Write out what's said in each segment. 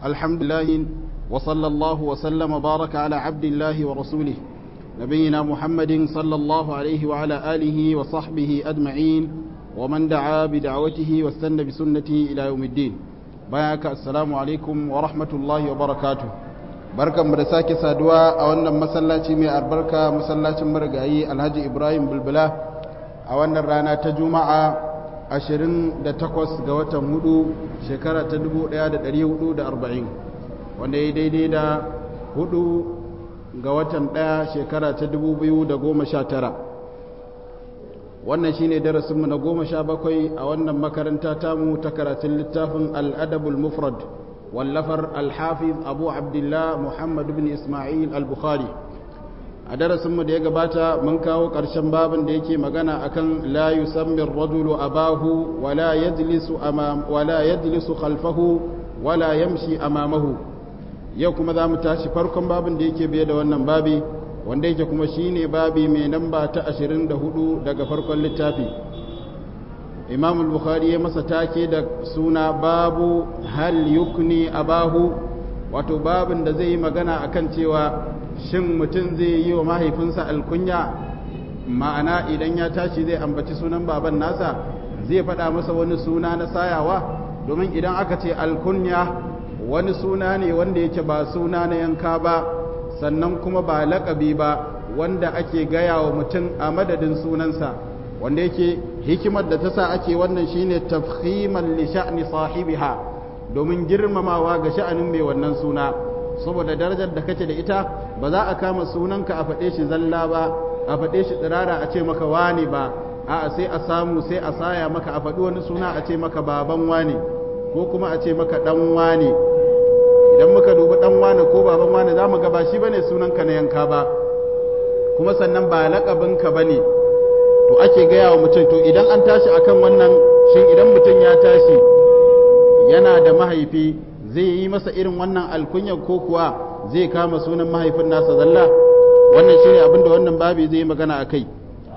الحمد لله وصلى الله وسلم وبارك على عبد الله ورسوله نبينا محمد صلى الله عليه وعلى آله وصحبه أجمعين ومن دعا بدعوته واستنى بسنته إلى يوم الدين بياك السلام عليكم ورحمة الله وبركاته بركة مرساك سادوا أولا مسلاتي مي أربركة مسلاتي مرقعي الهجي إبراهيم بالبلاه أولا رانا تجمع 28 ga watan hudu shekara ta 1440 wanda ya daidai da hudu ga watan daya shekara ta 2019 wannan shine darasinmu na 17 a wannan makaranta tamu ta karatun littafin al'adabul mufrad wallafar alhafiz abu abdullah muhammad bin ismail al-bukhari a darasin mu da ya gabata mun kawo ƙarshen babin da yake magana akan la yusammir rajulu abahu wala yajlisu amam wala yajlisu khalfahu wala yamshi amamahu yau kuma za mu tashi farkon babin da yake biye da wannan babi wanda yake kuma shine babi mai namba ta 24 daga farkon littafi imam al-bukhari ya masa take da suna babu hal yukni abahu wato babin da zai yi magana akan cewa shin mutum zai yi wa mahaifinsa alkunya ma'ana idan ya tashi zai ambaci sunan baban nasa zai faɗa masa wani suna na sayawa domin idan aka ce alkunya wani suna ne wanda yake ba suna na yanka ba sannan kuma ba laƙabi ba wanda ake gaya wa mutum a madadin sunansa wanda yake hikimar da ta sa ake wannan shine tafhiman li sha'ni sahibiha domin girmamawa ga sha'anin mai wannan suna saboda darajar da kake da ita ba za a kama sunanka a faɗe shi zalla ba a faɗe shi tsirara a ce maka wani ba a'a sai a samu sai a saya maka a faɗi wani suna a ce maka baban wani ko kuma a ce maka ɗan wani idan muka dubi ɗan wani ko baban wani za mu ga ba shi bane sunanka na yanka ba kuma sannan ba laƙabinka ne to ake gaya wa mutum to idan an tashi akan wannan shin idan mutum ya tashi yana da mahaifi zai yi masa irin wannan alkunyar ko kuwa zai kama sunan mahaifin nasa zalla wannan shine abin da wannan babi zai magana a kai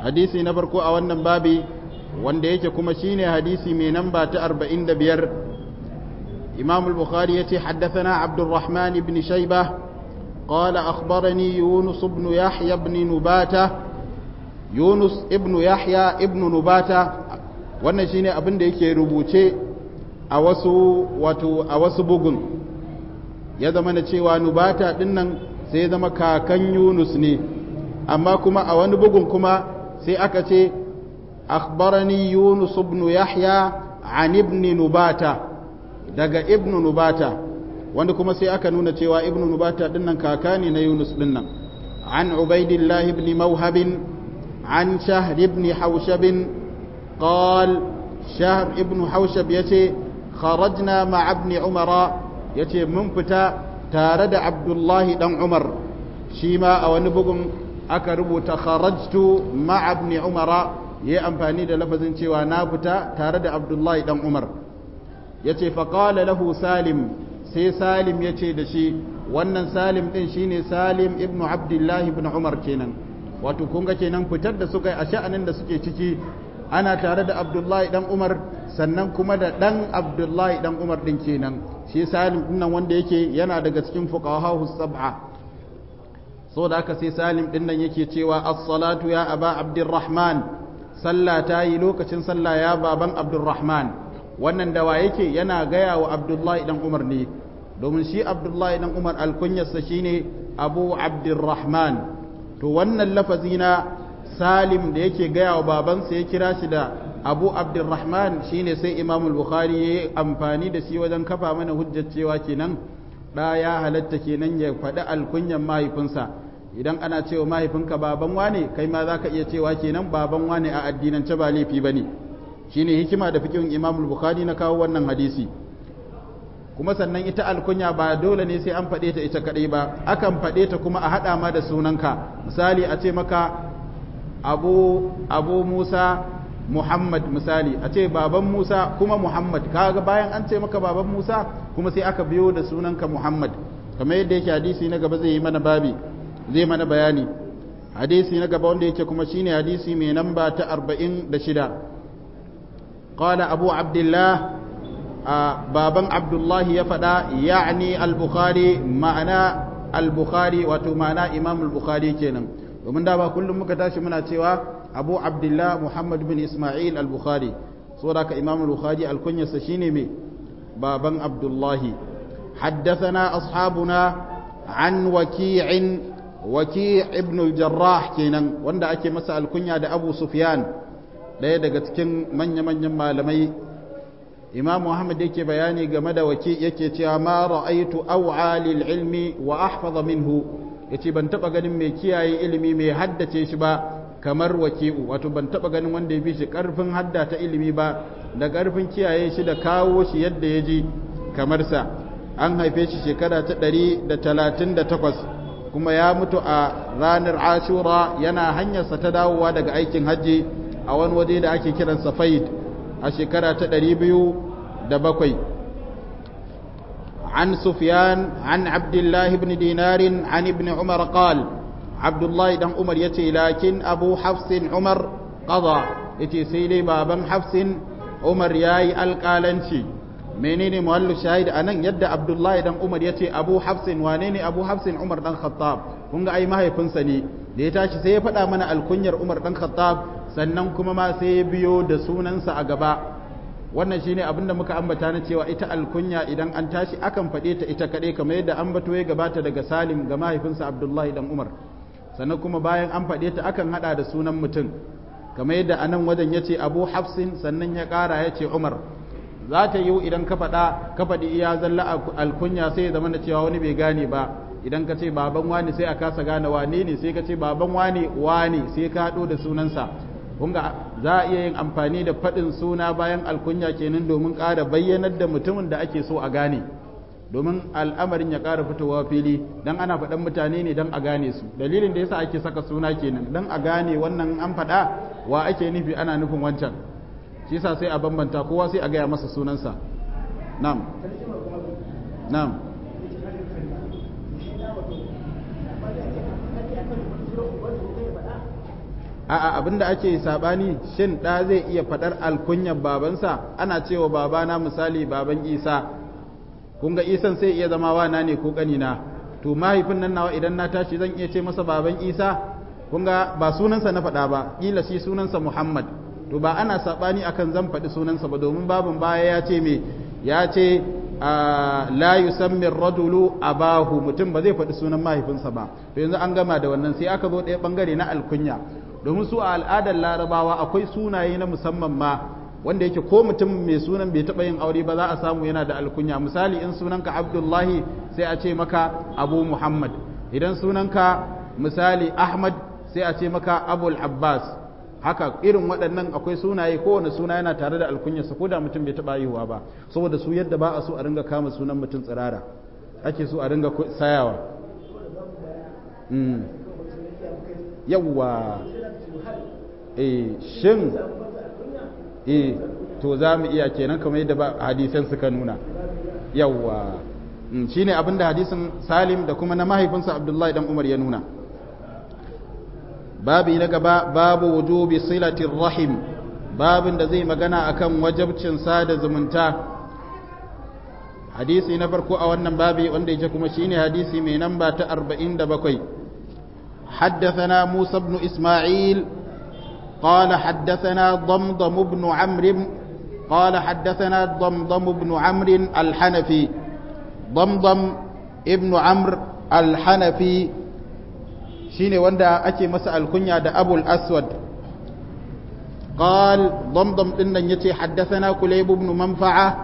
hadisi na farko a wannan babi wanda yake kuma shine hadisi mai nan ba ta 45 imam al-bukhari yace haddathana abdurrahman ibn shaybah قال أخبرني yunus ibn yahya ibn nubata yunus ibn yahya ibn nubata wannan shine abin da yake rubuce wato a wasu bugun ya zama na cewa nubata din nan sai zama kakan yunus ne amma kuma a wani bugun kuma sai aka ce akhbarani yunus ibn yahya an ibn nubata daga ibn nubata wanda kuma sai aka nuna cewa ibn nubata din nan kaka ne na yunus din nan an ubaidillah ibn mawhabin an shahr ibn haushab qal shahr ibn haushab yace kharajna ma ibn umara ya ce mun fita tare da abdullahi ɗan umar shi ma a wani bugun aka rubuta kharajtu ma'abni umara ya yi amfani da lafazin cewa na fita tare da abdullahi dan umar ya ce faƙala lahu salim sai salim ya ce da shi wannan salim ɗin shine salim ibn abdullahi ibn umar kenan wato kunga kenan fitar da suka yi a sha'anin da suke ciki ana tare da abdullahi dan umar sannan kuma da dan abdullahi dan umar din kenan shi salim dinnan wanda yake yana daga cikin fuqahahu sab'a da aka sai salim dinnan yake cewa as-salatu ya aba abdurrahman sallah ta yi lokacin sallah ya baban abdurrahman wannan dawa yake yana gaya wa abdullahi dan umar ne domin shi abdullahi dan umar alkunyarsa shine abu abdurrahman to wannan lafazi na salim da yake gaya wa babansa ya kira shi da abu abdurrahman ne sai imamul bukhari ya yi amfani da shi wajen kafa mana hujjar cewa kenan ɗa ya halatta kenan ya faɗi alkunyan mahaifinsa idan ana cewa mahaifinka baban wane kai ma za ka iya cewa kenan baban wane a addinance ba laifi ba ne shi ne hikima da fikin imamul bukhari na kawo wannan hadisi kuma sannan ita alkunya ba dole ne sai an faɗe ta ita kaɗai ba akan faɗe ta kuma a haɗa ma da sunanka misali a ce maka abu abu musa muhammad misali a ce baban musa kuma muhammad kaga bayan an ce maka baban musa kuma sai aka biyo da sunanka muhammad kamar yadda yake hadisi na gaba zai yi mana babi zai mana bayani hadisi na gaba wanda yake kuma shine hadisi mai namba ta shida kawai abu abdullah baban abdullahi ya faɗa ya'ni al-bukhari ma'ana al-bukhari wato ma'ana imam al-bukhari kenan domin da ba kullum muka tashi muna cewa abu abdullah muhammad bin isma'il al-bukhari saboda ka imam al-bukhari shine mai baban abdullahi haddathana ashabuna an waki'in waki ibn al-jarrah kenan wanda ake masa alkunya da abu sufyan ɗaya daga cikin manya-manyan malamai imam muhammad yake bayani game da waki yake cewa ma ra'aitu aw'a lil ilmi wa ahfaza minhu ce ban taba ganin mai kiyaye ilimi mai haddace shi ba kamar waki'u wato ban taba ganin wanda ya fi shi karfin hadda ta ilimi ba da karfin kiyaye shi da kawo shi yadda ya ji kamar sa an haife shi shekara ta ɗari da da talatin takwas kuma ya mutu a ranar ashura yana hanyarsa ta dawowa daga aikin hajji a wani waje da ake kiransa faid a shekara ta ɗari biyu da bakwai. عن سفيان عن عبد الله بن دينار عن ابن عمر قال عبد الله بن عمر يتي لكن أبو حفص عمر قضى يتي سيلي بابا حفص عمر ياي القالنشي menene muhallu shahid anan yadda abdullahi dan umar ya ce abu hafsin wane ne abu hafsin umar dan khattab kun ga ai mahaifinsa ne da ya tashi sai ya faɗa mana alkunyar umar dan khattab sannan kuma ma sai ya biyo da sunansa a gaba wannan shine ne da muka ambata na cewa ita alkunya idan an tashi akan faɗe ta ita kaɗai kamar yadda an bato ya gabata daga salim ga mahaifinsa abdullahi dan umar sannan kuma bayan an faɗe ta akan haɗa da sunan mutum kamar yadda a nan wajen ya ce abu hafsin sannan ya ƙara ya ce umar za ta yiwu idan ka faɗa ka faɗi iya zalla alkunya sai ya zama na cewa wani bai gane ba idan ka ce baban wani sai a kasa gane wane ne sai ka ce baban wani wani sai ka haɗo da sunansa kunga za a iya yin amfani da faɗin suna bayan alkunya kenan domin ƙara bayyanar da mutumin da ake so a gane domin al'amarin ya ƙara fitowa fili dan ana faɗan mutane ne dan a gane su dalilin da yasa ake saka suna kenan dan a gane wannan an faɗa wa ake nufi ana nufin wancan shi yasa sai a bambanta kowa sai a gaya masa sunansa na'am na'am a'a abin da ake sabani shin ɗa zai iya faɗar alkunyar babansa ana cewa babana misali baban isa kun ga isan sai iya zama wana ne ko ƙanina to mahaifin nan nawa idan na tashi zan iya ce masa baban isa kun ga ba sunansa na faɗa ba ƙila shi sunansa muhammad to ba ana sabani akan zan faɗi sunansa ba domin babin baya ya ce me ya ce la yusammi radulu abahu mutum ba zai faɗi sunan mahaifinsa ba to yanzu an gama da wannan sai aka zo ɗaya bangare na alkunya domin su a al'adar larabawa akwai sunaye na musamman ma wanda yake ko mutum mai sunan bai taɓa yin aure ba za a samu yana da alkunya misali in sunanka abdullahi sai a ce maka abu muhammad idan sunanka misali ahmad sai a ce maka abul abbas haka irin waɗannan akwai sunaye kowane suna yana tare da alkunyarsa ko da mutum bai taɓa yiwuwa ba saboda su yadda ba a so a ringa kama sunan mutum tsirara ake so a ringa sayawa hmm. yawwa e shin e to za mu iya kenan kamar yadda hadisan suka nuna yawwa mm, shi ne abinda hadisin salim da kuma na mahaifinsa abdullahi dan umar ya nuna babi na gaba babu wujubi silatin rahim babin da zai magana akan wajabcin sada zumunta hadisi na farko a wannan babi wanda ya ce kuma shine hadisi mai namba ta 47 حدثنا موسى بن إسماعيل قال حدثنا ضمضم بن عمرو قال حدثنا ضمضم بن عمرو الحنفي ضمضم ابن عمرو الحنفي شيني وندا أتي مسأل كنيا دا أبو الأسود قال ضمضم إن يتي حدثنا كليب بن منفعة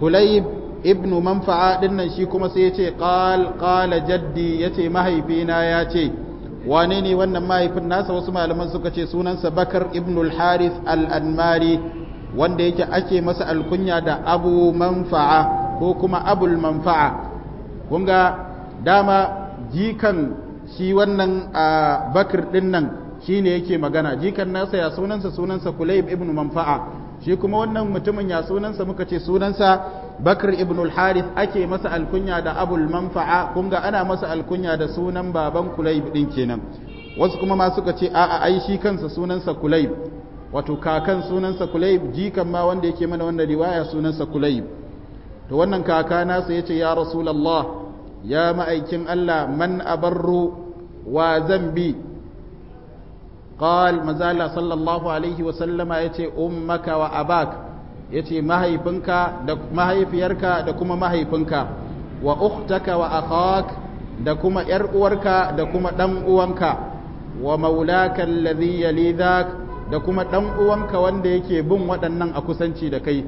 كليب ابن منفعة إن شيكم سيتي قال قال جدي يتي ما هي فينا ياتي wane ne wannan mahaifin nasa wasu malaman suka ce sunansa bakar ibn al-harith al-anmari wanda yake ake masa alkunya da abu manfa'a ko kuma abul manfa'a kunga dama jikan shi wannan bakar din nan shine yake magana jikan nasa ya sunansa sunansa kulayb ibn manfa'a shi kuma wannan mutumin ya sunansa muka ce sunansa bakr ibn al-harith ake masa alkunya da abul manfa'a kun ga ana masa alkunya da sunan baban kulayb din kenan wasu kuma ma suka ce a'a ai shi kansa sunansa kulayb wato kakan sunansa kulayb jikan ma wanda yake mana wannan riwaya sunansa kulayb to wannan kaka nasa yace ya rasulullah ya ma'aikin Allah man abarru wa zambi qal manzo Allah sallallahu alaihi wa sallama yace ummaka wa yace mahaifinka mahaifiyarka da kuma mahaifinka wa ukhtaka wa akhak da kuma yar uwarka da kuma dan uwanka wa maulakan alladhi da kuma dan uwanka wanda yake bin waɗannan a kusanci da kai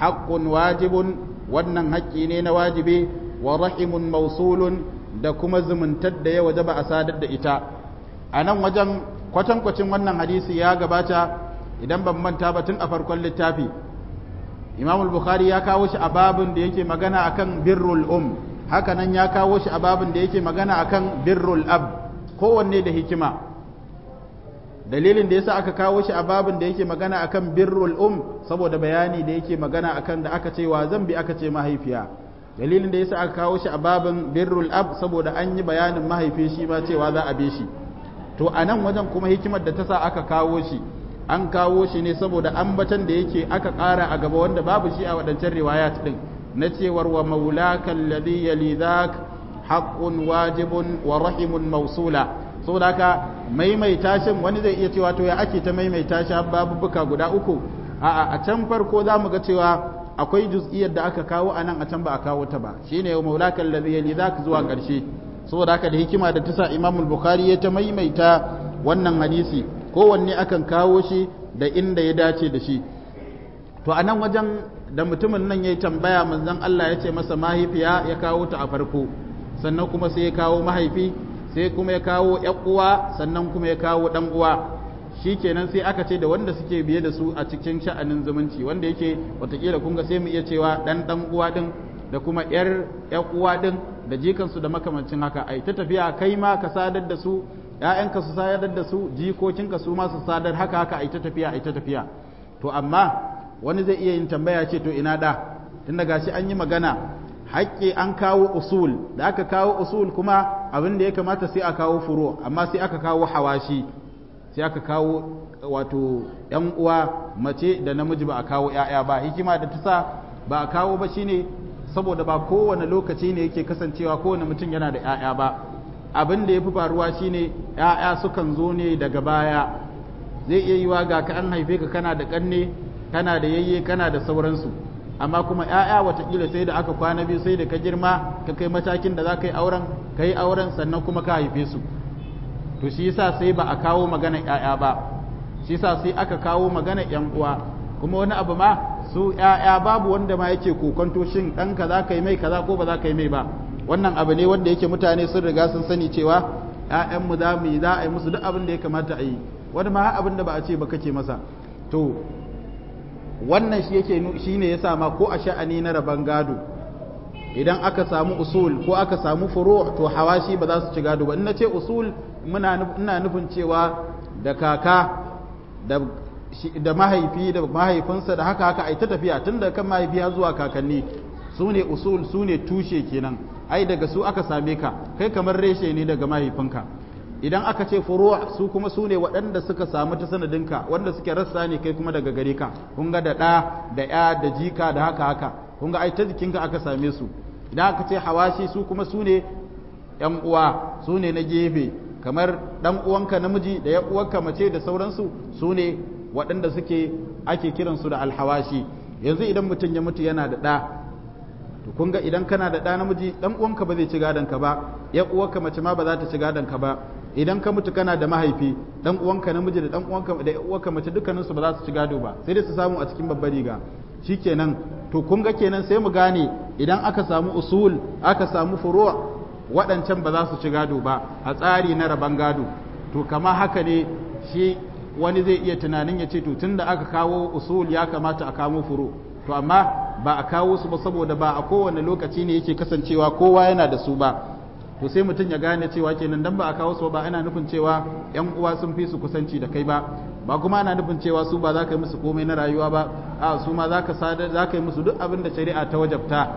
haƙƙun wajibun wannan haƙƙi ne na wajibi wa rahimun mausulun da kuma zumuntar da ya ba a sadar da ita a nan wajen kwatankwacin wannan hadisi ya gabata idan ban manta ba tun a farkon littafi imam al-bukhari ya kawo shi a babin da yake magana akan birrul um haka nan ya kawo shi a babin da yake magana akan birrul ab kowanne da hikima dalilin da yasa aka kawo shi a babin da yake magana akan birrul um saboda bayani da yake magana akan da aka ce wa zambi aka ce mahaifiya dalilin da yasa aka kawo shi a babin birrul ab saboda an yi bayanin mahaifi shi ma cewa za a bi shi to anan wajen kuma hikimar da ta sa aka kawo shi an kawo shi ne saboda ambatan da yake aka ƙara a gaba wanda babu shi a waɗancan riwayat ɗin na cewar wa maulaka alladhi yalidhak haqqun wajibun wa rahimun mausula saboda haka maimaita shin wani zai iya cewa to ya ake ta maimaita shi babu buka guda uku a'a a can farko za mu ga cewa akwai juz'iyar da aka kawo a nan a can ba a kawo ta ba shine wa maulaka alladhi zak zuwa ƙarshe saboda haka da hikima da ta sa Bukhari ya ta maimaita wannan hadisi kowanne akan kawo shi da inda ya dace da shi to a nan wajen da mutumin nan ya yi tambaya manzon Allah ya ce masa mahaifiya ya kawo ta a farko sannan kuma sai ya kawo mahaifi sai kuma ya kawo ƴan uwa sannan kuma ya kawo ɗan uwa shikenan sai aka ce da wanda suke biye da su a cikin sha'anin zumunci wanda yake watakila kun ga sai mu iya cewa ɗan ɗan uwa ɗin da kuma ƴar ƴan uwa ɗin da jikansu da makamancin haka ai ta tafiya kai ma ka sadar da su ‘ya'yanka su sadar da su jikokinka su ma sadar haka haka a ita tafiya a ita tafiya to amma wani zai iya yin tambaya ce to ina da tun daga shi an yi magana haƙƙi an kawo usul da aka kawo usul kuma abin da ya kamata sai a kawo furo amma sai aka kawo hawashi sai aka kawo wato ‘yan uwa mace da namiji ba a kawo ‘ya'ya ba hikima da ta ba a kawo ba shine saboda ba kowane lokaci ne yake kasancewa kowane mutum yana da ‘ya'ya ba abin da ya fi faruwa shine ‘ya'ya sukan zo ne daga baya zai iya yiwa ga ka an haife ka kana da ƙanne kana da yayye kana da sauransu amma kuma ‘ya'ya watakila sai da aka kwana biyu sai da ka girma ka kai matakin da za ka yi auren ka yi auren sannan kuma ka haife su to shi yasa sai ba a kawo magana ‘ya'ya ba shi yasa sai aka kawo magana ‘yan uwa kuma wani abu ma su ‘ya'ya babu wanda ma yake kokonto shin ɗanka za ka yi mai kaza ko ba za ka yi mai ba wannan abu ne wanda yake mutane sun riga sun sani cewa ‘ya'yanmu za mu yi za a yi musu duk abin da ya kamata a yi wani ma abin da ba a ce ba kake masa to wannan shi yake shi ne ya sama ko a sha'ani na rabon gado idan aka samu usul ko aka samu furo to hawashi ba za su ci gado ba in na ce usul ina nufin cewa da kaka da mahaifi da mahaifinsa da haka haka ai ta tafiya tun da kan mahaifi ya zuwa kakanni su ne usul su ne tushe kenan ai daga su aka same ka kai kamar reshe ne daga mahaifinka idan aka ce furuwa su kuma su ne waɗanda suka samu ta sanadinka wanda suke rassa ne kai kuma daga gare ka kun ga da ɗa da ya da jika da haka haka kun ga ai ta jikinka aka same su idan aka ce hawashi su kuma su ne ‘yan uwa su ne na gefe kamar ɗan uwanka namiji da ‘yan uwanka mace da sauransu su ne waɗanda suke ake kiransu da alhawashi yanzu idan mutum ya mutu yana da ɗa to kun ga idan kana da ɗa namiji ɗan uwanka ba zai ci gadon ka ba ya uwanka mace ma ba za ta ci gadon ka ba idan ka mutu kana da mahaifi ɗan uwanka namiji da ɗan uwanka da uwanka mace dukkanin su ba za su ci gado ba sai dai su samu a cikin babbar riga shikenan to kun ga kenan sai mu gane idan aka samu usul aka samu furu' waɗancan ba za su ci gado ba a tsari na raban gado to kama haka ne shi wani zai iya tunanin ya ce to tunda aka kawo usul ya kamata a kamo furu to amma ba a kawo su ba saboda ba a kowane lokaci ne yake kasancewa kowa yana da su ba to sai mutum ya gane cewa kenan dan ba a kawo su ba ana nufin cewa yan uwa sun fi su kusanci da kai ba ba kuma ana nufin cewa su ba za ka yi musu komai na rayuwa ba a su ma za ka yi musu duk abin da shari'a ta wajabta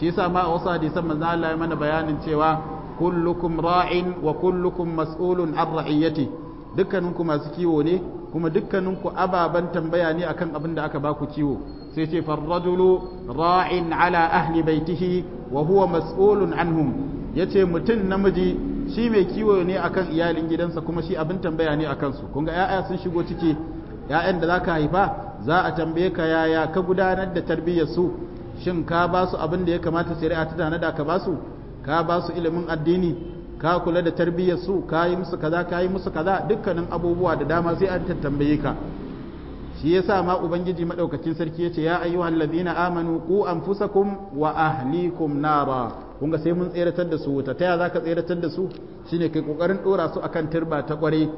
shi yasa ma a wasu hadisan manzo Allah ya mana bayanin cewa kullukum ra'in wa kullukum mas'ulun an ra'iyati dukkaninku masu kiwo ne kuma dukkaninku ababen tambaya ne akan abin da aka baku kiwo sai ce farradulu ra'in ala ahli baitihi wa huwa mas'ulun anhum yace mutum namiji shi mai kiwo ne akan iyalin gidansa kuma shi abin tambaya ne akan su kun ga yaya sun shigo ciki yayan da zaka haifa za a tambaye ka yaya ka gudanar da tarbiyyar su shin ka ba su abin da ya kamata shari'a ta da ka ba su ka ba su ilimin addini ka kula da tarbiyyar su ka yi musu kaza ka yi musu kaza dukkanin abubuwa da dama sai an tambaye ka shi yasa ma ubangiji madaukakin sarki ya ce ya ayyuhal ladina amanu qu anfusakum wa ahlikum nara kun sai mun tseratar da su wuta ta ya zaka tseratar da su ne kai kokarin ɗora su akan turba ta kware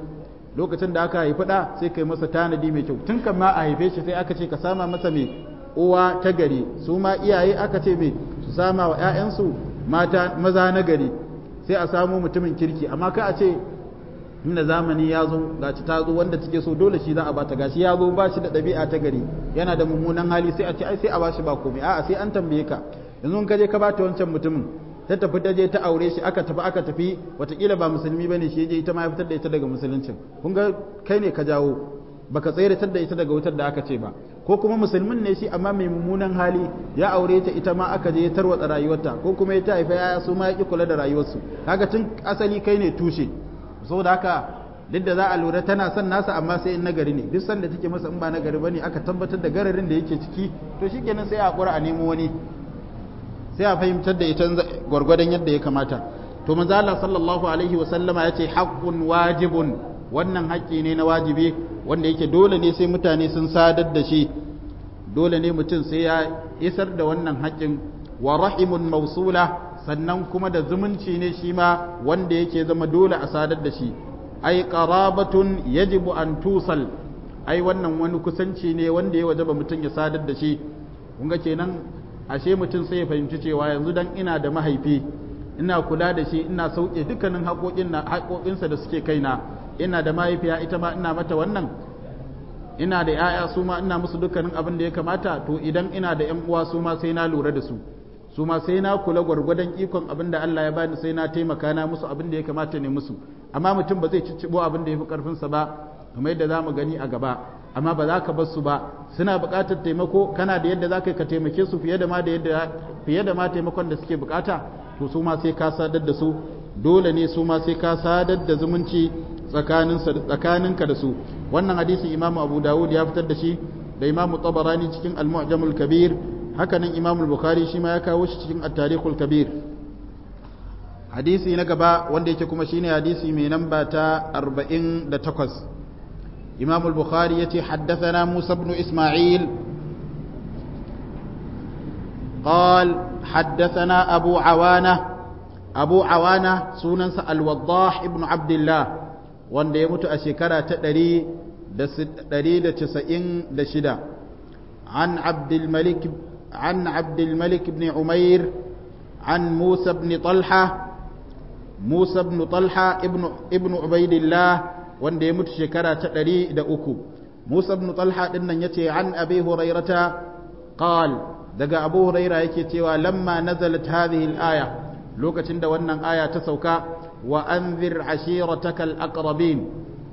lokacin da aka haifi da sai kai masa tanadi mai kyau tun kan ma a haife shi sai aka ce ka sama masa mai uwa ta gari su ma iyaye aka ce mai su sama wa 'ya'yansu mata maza na gari sai a samu mutumin kirki amma kai a ce inda zamani ya zo gaci ta zo wanda take so dole shi za a bata gashi ya zo ba shi da ɗabi'a ta gari yana da mummunan hali sai a ce ai sai a ba shi ba komai a'a sai an tambaye ka yanzu in ka je ka bata wancan mutumin ta tafi ta je ta aure shi aka tafi aka tafi watakila ba musulmi bane shi je ita ma ya fitar da ita daga musuluncin kun ga kai ne ka jawo baka tsayar da ita daga wutar da aka ce ba ko kuma musulmin ne shi amma mai mummunan hali ya aure ta ita ma aka je ya tarwatsa rayuwarta ko kuma ya ta haifa ya su ma ya kula da rayuwarsu kaga tun asali kai ne tushe so da haka duk da za a lura tana son nasa amma sai in nagari ne duk sanda take masa in ba nagari bane aka tabbatar da gararin da yake ciki to shikenan sai a hakura a nemo wani sai a fahimtar da ita gwargwadon yadda ya kamata to manzo Allah sallallahu alaihi wa sallama yace haqqun wajibun wannan haƙƙi ne na wajibi wanda yake dole ne sai mutane sun sadar da shi dole ne mutum sai ya isar da wannan haƙƙin wa rahimun mausula sannan kuma da zumunci ne shi ma wanda yake zama dole a sadar da shi ai qarabatun yajibu an tusal ai wannan wani kusanci ne wanda ya wajaba mutum ya sadar da shi kun ga kenan ashe mutum sai ya fahimci cewa yanzu dan ina da mahaifi ina kula da shi ina sauke dukkanin haƙoƙinsa da suke kaina ina da mahaifiya ita ma ina mata wannan ina da 'ya'ya su ma ina musu dukkanin abin da ya kamata to idan ina da 'yan uwa su ma sai na lura da su su ma sai na kula gwargwadon ikon abin da Allah ya bani sai na taimaka na musu abin da ya kamata ne musu amma mutum ba zai cicibo abin da ya fi karfinsa ba kamar yadda za gani a gaba amma ba za ka bar su ba suna buƙatar taimako kana da yadda zaka ka taimake su fiye da ma da yadda fiye da ma taimakon da suke buƙata to su ma sai ka sadar da su dole ne su ma sai ka sadar da zumunci tsakaninka da su wannan hadisi imam abu dawud ya fitar da shi da imamu tabarani cikin al-mu'jamul kabir hakanan imamul bukari shi ma ya kawo shi cikin attarikul kabir hadisi na gaba wanda yake kuma shine hadisi mai namba ta 48 imamul bukari yace haddathana musa ibn isma'il قال حدثنا أبو sunansa أبو عوانة سننس الوضاح ابن عبد الله shekara ta أشكرا تدري دسد تسئن دشدا an عبد malik. عن عبد الملك بن عمير عن موسى بن طلحة موسى wanda ya mutu shekara ta ɗari da uku musa ibn talha ɗin ya ce an abi hurairata qal daga abu huraira yake cewa lamma nazalat hadhihi al-aya lokacin da wannan aya ta sauka wa anzir ashirataka al-aqrabin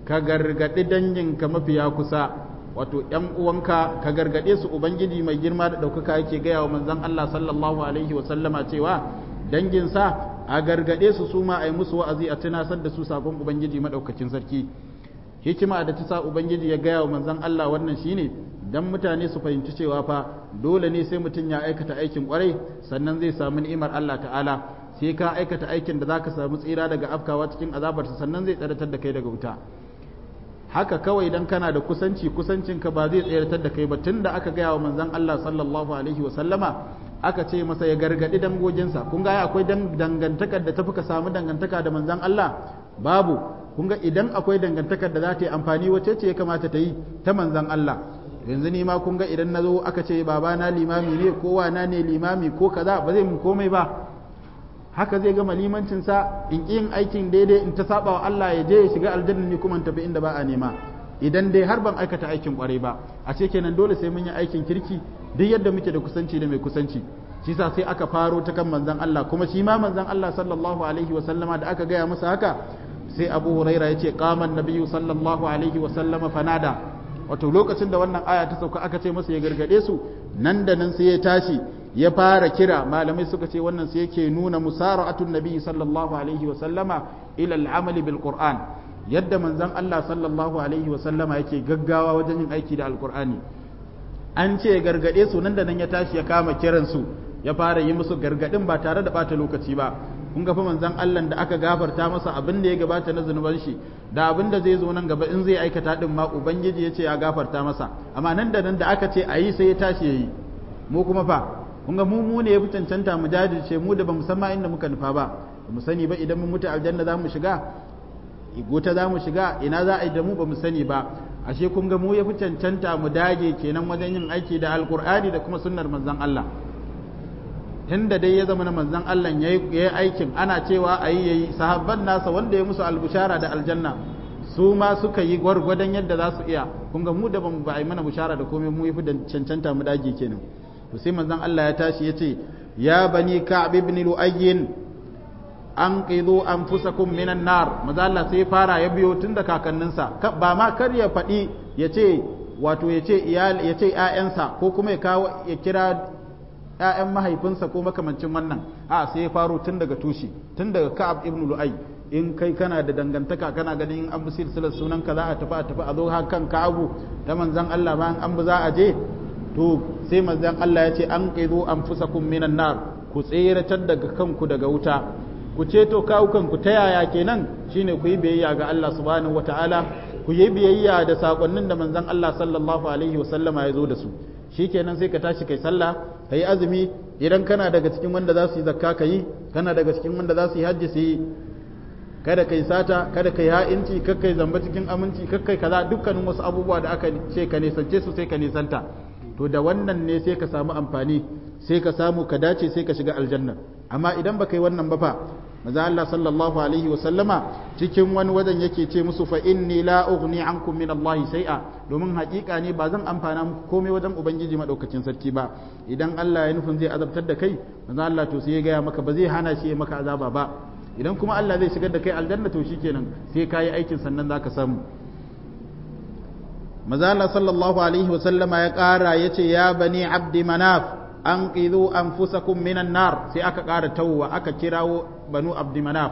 ka gargadi danginka mafiya kusa wato ‘yan uwanka ka gargaɗe su Ubangiji mai girma da ɗaukaka yake gaya wa manzan Allah sallallahu Alaihi wasallama cewa danginsa a gargaɗe su su ma a yi musu wa'azi a tunasar da su sabon Ubangiji maɗaukacin sarki. Hikima da ta sa Ubangiji ya gaya wa manzan Allah wannan shi ne don mutane su fahimci cewa fa dole ne sai mutum ya aikata aikin kwarai sannan zai samu ni'imar Allah ta'ala sai ka aikata aikin da za ka samu tsira daga afkawa cikin azabarsa sannan zai tsaratar da kai daga wuta. haka kawai dan kana da kusanci kusancinka ba zai tsayartar da kai ba tun da aka gaya wa manzon Allah sallallahu alaihi wa sallama aka ce masa ya gargadi dangoginsa kun ga akwai dangantakar da tafi ka samu dangantaka da manzan Allah babu kun ga idan akwai dangantakar da za ta yi amfani wace ce ya kamata ta yi ta manzon Allah yanzu ni ma kun ga idan na zo aka ce babana limami ne kowa na ne limami ko kaza ba zai mun komai ba haka zai gama sa in yin aikin daidai in ta saba wa Allah ya je ya shiga aljanna ni kuma in tafi inda ba a nema idan dai har ban aikata aikin kwarai ba a ce kenan dole sai mun yi aikin kirki duk yadda muke da kusanci da mai kusanci shi sa sai aka faro ta kan manzon Allah kuma shi ma manzon Allah sallallahu alaihi wa sallama da aka gaya masa haka sai Abu Huraira yace qama an-nabiyyu sallallahu alaihi wa sallama fanada wato lokacin da wannan aya ta sauka aka ce masa ya gargade su nan da nan sai ya tashi ya fara kira malamai suka ce wannan sai yake nuna musara'atun nabi sallallahu alaihi wa sallama ila al'amali bil qur'an yadda manzon Allah sallallahu alaihi wa sallama yake gaggawa wajen yin aiki da alqur'ani an ce gargade su nan da nan ya tashi ya kama kiran su ya fara yi musu gargadin ba tare da bata lokaci ba kun ga fa manzon Allah da aka gafarta masa abin da ya gabata na zunuban shi da abin da zai zo nan gaba in zai aikata din ma ubangiji ya ce ya gafarta masa amma nan da nan da aka ce ayi sai ya tashi yayi mu kuma fa kun ga mu mu ne ya fi cancanta mu jajirce mu da bamu san ma inda muka nufa ba bamu sani ba idan mun mutu aljanna za mu shiga igota za mu shiga ina za a yi da mu bamu sani ba ashe kun ga mu ya fi cancanta mu dage kenan wajen yin aiki da alkur'ani da kuma sunnar manzon Allah tunda dai ya zama na manzon Allah ya yi aikin ana cewa a yi yayi sahabban nasa wanda ya musu albushara da aljanna su ma suka yi gwargwadon yadda za su iya kun ga mu da ba mu ba a yi mana bushara da komai mu ya fi cancanta mu dage kenan to sai manzon Allah ya tashi ya ce ya bani ka'ab ibn lu'ayyin anqidhu anfusakum minan nar maza Allah sai fara ya biyo tun da kakanninsa ba ma kar ya fadi ya ce wato ya ce iyal ya ce ko kuma ya kawo ya kira yayan mahaifinsa ko makamancin wannan a sai ya faro tun daga tushi tun daga ka'ab ibn lu'ay in kai kana da dangantaka kana ganin an bi silsilar sunan ka za a tafi a tafi a zo hakan ka abu da manzon Allah ba an bi za a je to sai manzon Allah ya ce an qidu anfusakum minan nar ku tseratar daga kanku daga wuta ku ce ceto kawukanku ta yaya kenan shine ku yi biyayya ga Allah subhanahu wataala ku yi biyayya da sakonnin da manzon Allah sallallahu alaihi wasallama ya zo da su shikenan sai ka tashi kai sallah kai azumi idan kana daga cikin wanda za su yi zakka ka yi kana daga cikin wanda za su yi hajji su yi kada kai sata kada kai ha'inci kakkai zamba cikin aminci kakkai kaza dukkanin wasu abubuwa da aka ce ka nisance su sai ka nisanta to da wannan ne sai ka samu amfani sai ka samu ka dace sai ka shiga aljanna amma idan baka yi wannan ba fa maza Allah sallallahu alaihi wa sallama cikin wani wajen yake ce musu fa inni la ughni ankum min Allah shay'a domin haƙiƙa ne ba zan amfana muku komai wajen ubangiji madaukakin sarki ba idan Allah ya nufin zai azabtar da kai maza Allah to sai ya gaya maka ba zai hana shi maka azaba ba idan kuma Allah zai shigar da kai aljanna to shikenan sai ka yi aikin sannan zaka samu mazala sallallahu alaihi wasallama ya ƙara ya ce ya bani abdi manaf an ƙidu an kun minan nar sai aka ƙara tawwa aka kirawo banu abdi manaf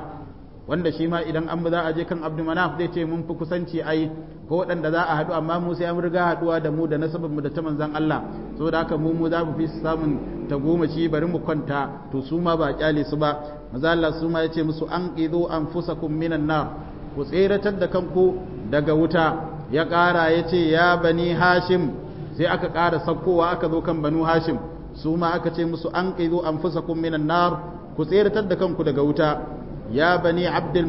wanda shi ma idan an za a je kan abdi manaf zai ce mun fi kusanci ai ko waɗanda za a haɗu amma mu sai an riga haɗuwa da mu da nasabar mu da ta manzan Allah saboda haka mu mu za mu fi samun tagomaci bari mu kwanta to su ma ba kyale su ba mazala su ma ya ce musu an ƙidu an kun minan nar ku tseratar da kanku daga wuta ya ƙara ya ce ya bani hashim sai aka ƙara sakkowa aka zo kan banu hashim su ma aka ce musu an ƙizo an fusa kun minan nar ku tseratar da kanku daga wuta ya bani abdul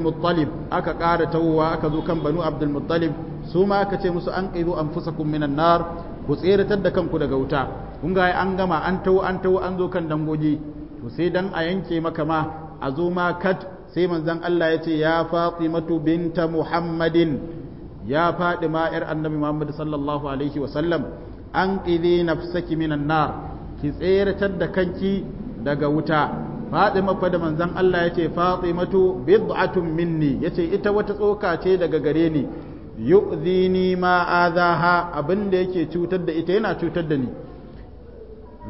aka ƙara tawowa aka zo kan banu abdul su ma aka ce musu an ƙizo an fusa kun minan nar ku tseratar da kanku daga wuta kun ga an gama an tawo an tawo an zo kan dangoji to sai dan a yanke maka ma a zo ma kat sai manzon Allah ya ce ya Fatimatu binta Muhammadin ya faɗi ma ‘yar annabi Muhammad sallallahu Alaihi wasallam an na nafsaki minan nar ki tseratar da kanki daga wuta ma fa da manzon Allah yace Fatimatu bid'atun minni yace ita wata tsoka ce daga gare ni yu'zini ma azaha abinda yake cutar da ita yana cutar da ni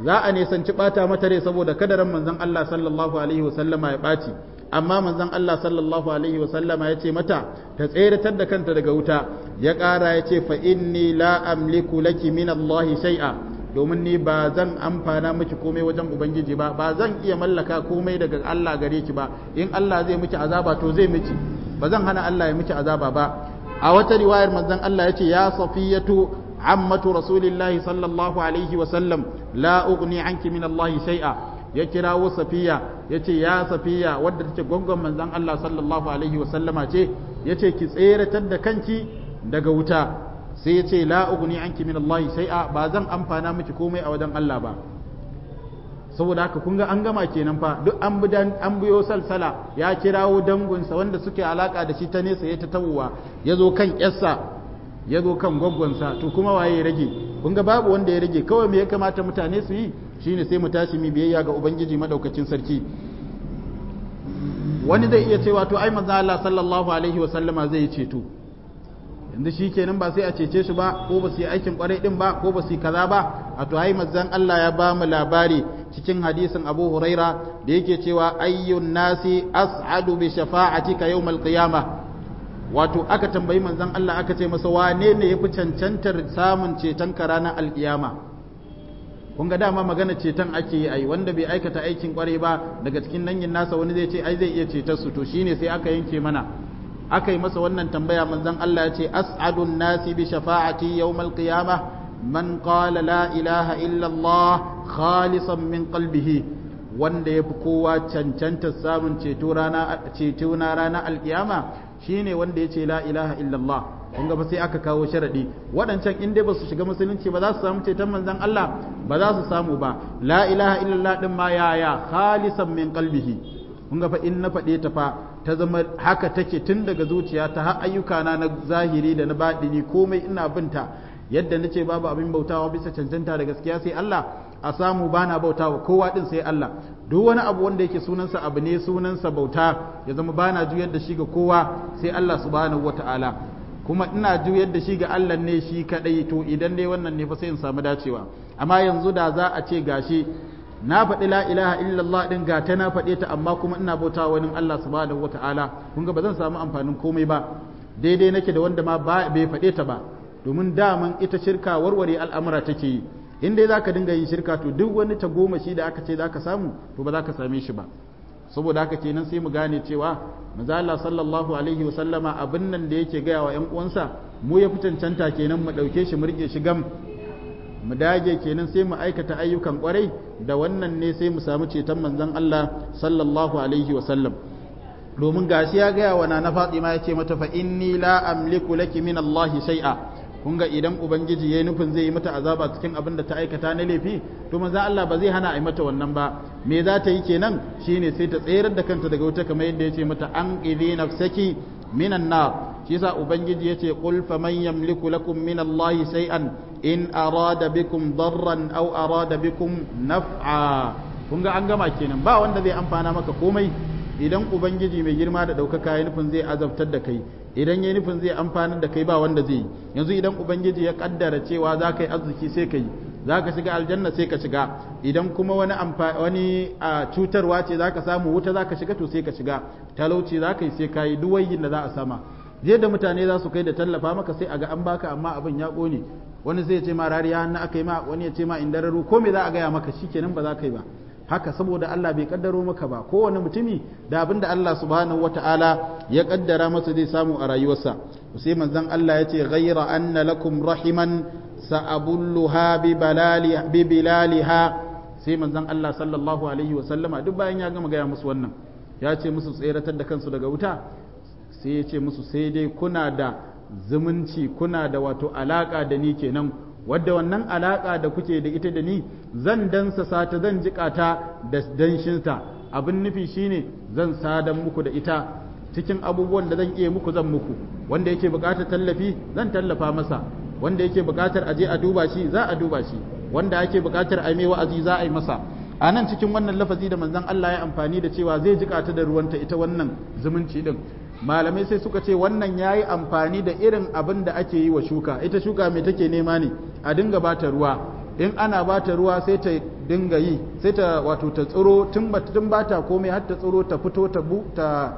za a nisanci ɓata mata rai saboda kadaran manzan Allah sallallahu alaihi wasallama ya ɓaci amma manzon Allah sallallahu alaihi wa sallama yace mata ta tseratar da kanta daga wuta ya ƙara yace fa inni la amliku laki min Allah shay'a domin ni ba zan amfana miki komai wajen ubangiji ba ba zan iya mallaka komai daga Allah gare ki ba in Allah zai miki azaba to zai miki ba zan hana Allah ya miki azaba ba a wata riwayar manzon Allah yace ya safiyatu عمة رسول الله صلى الله عليه وسلم لا أغني عنك من الله شيئا ya kirawo safiya ya ce ya safiya wadda take gongon manzon Allah sallallahu alaihi wa sallama ce ya ce ki tseratar da kanki daga wuta sai ya ce la ugni anki min Allah sai a ba zan amfana miki komai a wajen Allah ba saboda haka kun ga an gama kenan fa duk an bi an biyo salsala ya kirawo dangunsa wanda suke alaka da shi ta ne ya ta tawuwa ya zo kan yarsa ya zo kan gwaggonsa to kuma waye ya rage kun ga babu wanda ya rage kawai me ya kamata mutane su yi shine sai mu tashi mi biyayya ga ubangiji madaukakin sarki wani zai iya cewa to ai manzo Allah sallallahu alaihi wa sallama zai ceto yanzu shi kenan ba sai a cece shi ba ko ba su yi aikin kwarai din ba ko ba su yi kaza ba a to ai manzon Allah ya ba mu labari cikin hadisin Abu Huraira da yake cewa ayyun nasi as'adu bi shafa'atika yawmal qiyamah wato aka tambayi manzon Allah aka ce masa wane ne yafi cancantar samun ceton ka ranar alkiyama kun ga dama magana ceton ake yi wanda bai aikata aikin kwarai ba daga cikin nangin nasa wani zai ce ai zai iya cetar su to shine sai aka yanke mana aka yi masa wannan tambaya manzon Allah ya ce as'adun nasi bi shafa'ati yawmal qiyamah man qala la ilaha illa Allah khalisan min qalbihi wanda ya fi kowa cancanta samun ceto rana ceto na rana alkiyama shine wanda ya ce la ilaha kun ga sai aka kawo sharaɗi waɗancan in dai ba su shiga musulunci ba za su samu ceton manzon Allah ba za su samu ba la ilaha illallah din ma yaya khalisan min qalbihi kun ga fa in na faɗe ta fa ta zama haka take tun daga zuciya ta har ayyuka na zahiri da na baɗini komai ina binta yadda nace babu abin bautawa bisa cancanta da gaskiya sai Allah a samu bana bautawa kowa din sai Allah duk wani abu wanda yake sunansa abu ne sunansa bauta ya zama bana juyar da shi ga kowa sai Allah subhanahu wataala kuma ina juyar da shi ga Allah ne shi kadai to idan dai wannan ne fa sai in samu dacewa amma yanzu da za a ce gashi na faɗi la ilaha illallah din ga ta na faɗe ta amma kuma ina bauta wani Allah subhanahu wataala kun ga ba zan samu amfanin komai ba daidai nake da wanda ma ba bai faɗe ta ba domin daman ita shirka warware al'amura take yi in dai zaka dinga yin shirka to duk wani tagomashi da aka ce zaka samu to ba zaka same shi ba saboda haka kenan sai mu gane cewa manzo Allah sallallahu alaihi wasallama abin nan da yake gaya wa 'yan uwansa mu ya fi cancanta kenan mu ɗauke shi mu rike shi gam mu dage kenan sai mu aikata ayyukan kwarai da wannan ne sai mu samu ceton manzon Allah sallallahu alaihi wasallam domin gashi ya gaya wa na Fatima ya ce mata fa inni la amliku laki min Allah shay'a kun ga idan ubangiji yayi nufin zai yi mata azaba cikin abin da ta aikata na laifi to manzo Allah ba zai hana a yi mata wannan ba me za ta yi kenan shine sai ta tsayar da kanta daga wuta kamar yadda yace mata an idhi nafsaki minan nar shi yasa ubangiji yace qul kulfa yamliku lakum min Allah shay'an in arada bikum darran aw arada bikum naf'a kun ga an gama kenan ba wanda zai amfana maka komai idan ubangiji mai girma da ɗaukaka ya nufin zai azabtar da kai idan ya nufin zai amfanar da kai ba wanda zai yi yanzu idan ubangiji ya kaddara cewa za ka yi arziki sai ka yi za ka shiga aljanna sai ka shiga idan kuma wani wani cutarwa ce za ka samu wuta za ka shiga to sai ka shiga talauci za ka yi sai ka yi duwayin da za a sama da mutane za su kai da tallafa maka sai a ga an baka amma abin ya ƙone wani zai ce ma rariya hannu aka yi ma wani ya ce ma indararu ko me za a gaya maka shikenan ba za ka yi ba haka saboda Allah bai kaddaro maka ba kowane mutumi da abin da Allah subhanahu wata'ala ya kaddara masa zai samu a rayuwarsa sai manzon Allah ya ce ghaira anna lakum rahiman sa'abulluha bi balali bi bilaliha sai manzon Allah sallallahu alaihi wa sallama duk bayan ya gama gaya musu wannan ya ce musu tseratar da kansu daga wuta sai ya ce musu sai dai kuna da zumunci kuna da wato alaka da ni kenan wadda wannan alaƙa da kuke da ita da ni zan dansa sata zan jika ta da danshinta abin nufi shine zan sadan muku da ita cikin abubuwan da zan iya muku zan muku wanda yake buƙatar tallafi zan tallafa masa wanda yake buƙatar aje a duba shi za a duba shi wanda ake buƙatar a mai wa'azi za a yi masa a nan cikin wannan lafazi da manzon Allah ya amfani da cewa zai jika ta da ruwanta ita wannan zumunci din malamai sai suka ce wannan ya yi amfani da irin abin da ake yi wa shuka ita shuka mai take nema ne a dinga bata ruwa in ana bata ruwa sai ta dinga yi sai ta wato ta tsiro tun ba ta komai har ta tsiro ta fito ta bu ta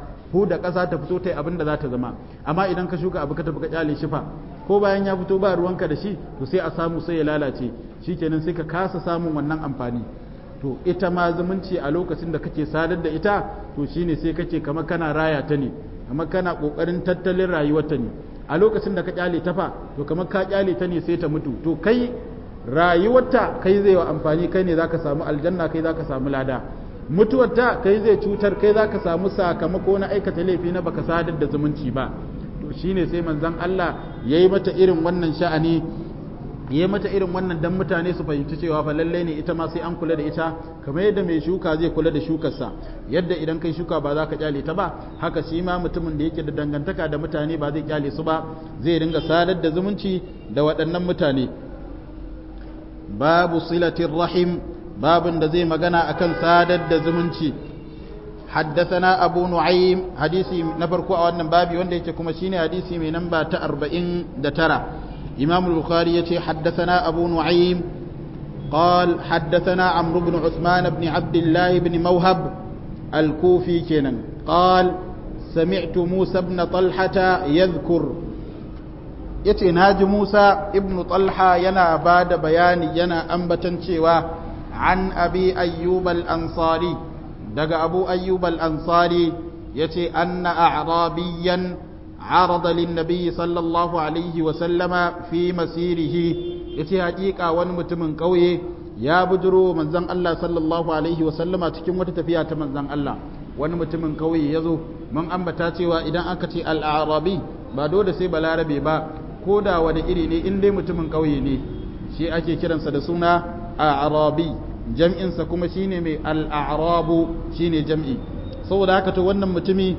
da ƙasa ta fito ta yi abin da za ta zama amma idan ka shuka abu ka tafi ka kyale shi ko bayan ya fito ba ruwanka da shi to sai a samu sai ya lalace shi shikenan sai ka kasa samun wannan amfani to ita ma zumunci a lokacin da kake sadar da ita to shine sai kake kamar kana raya ta ne amma kana kokarin tattalin rayuwarta ne a lokacin da ka kyale ta fa to kamar ka kyale ta ne sai ta mutu to kai rayuwarta kai zai wa amfani kai ne zaka samu aljanna kai zaka samu lada mutuwarta kai zai cutar kai zaka samu sakamako na aikata laifi na baka sadar da zumunci ba to shine sai manzon Allah yayi mata irin wannan sha'ani yi mata irin wannan dan mutane su fahimci cewa fa lallai ne ita ma sai an kula da ita kamar yadda mai shuka zai kula da shukarsa yadda idan kai shuka ba za ka kyale ta ba haka shi ma mutumin da yake da dangantaka da mutane ba zai kyale su ba zai ringa sadar da zumunci da waɗannan mutane babu silatin rahim babin da zai magana akan sadar da zumunci حدثنا أبو نعيم حديثي نفر كوى وأن بابي وأن hadisi شيني حديثي من نمبة أربعين دترة إمام البخاري حدثنا أبو نعيم قال حدثنا عمرو بن عثمان بن عبد الله بن موهب الكوفي كنا قال سمعت موسى بن طلحة يذكر يتي يتناج موسى ابن طلحة ينا بعد بيان ينا أنبتن شوا عن أبي أيوب الأنصاري دق أبو أيوب الأنصاري يتي أن أعرابياً عرض للنبي صلى الله عليه وسلم في مسيره yace hakika wani mutumin ƙauye ya bujiro manzon Allah sallallahu alaihi wasallama cikin wata tafiya ta manzon Allah wani mutumin ƙauye ya zo mun ambata cewa idan aka ce alarabi ba dole sai balarabe ba ko da wani iri ne in dai mutumin ƙauye ne shi ake kiransa da suna arabi jam'insa kuma shine mai al shine jam'i saboda haka to wannan mutumi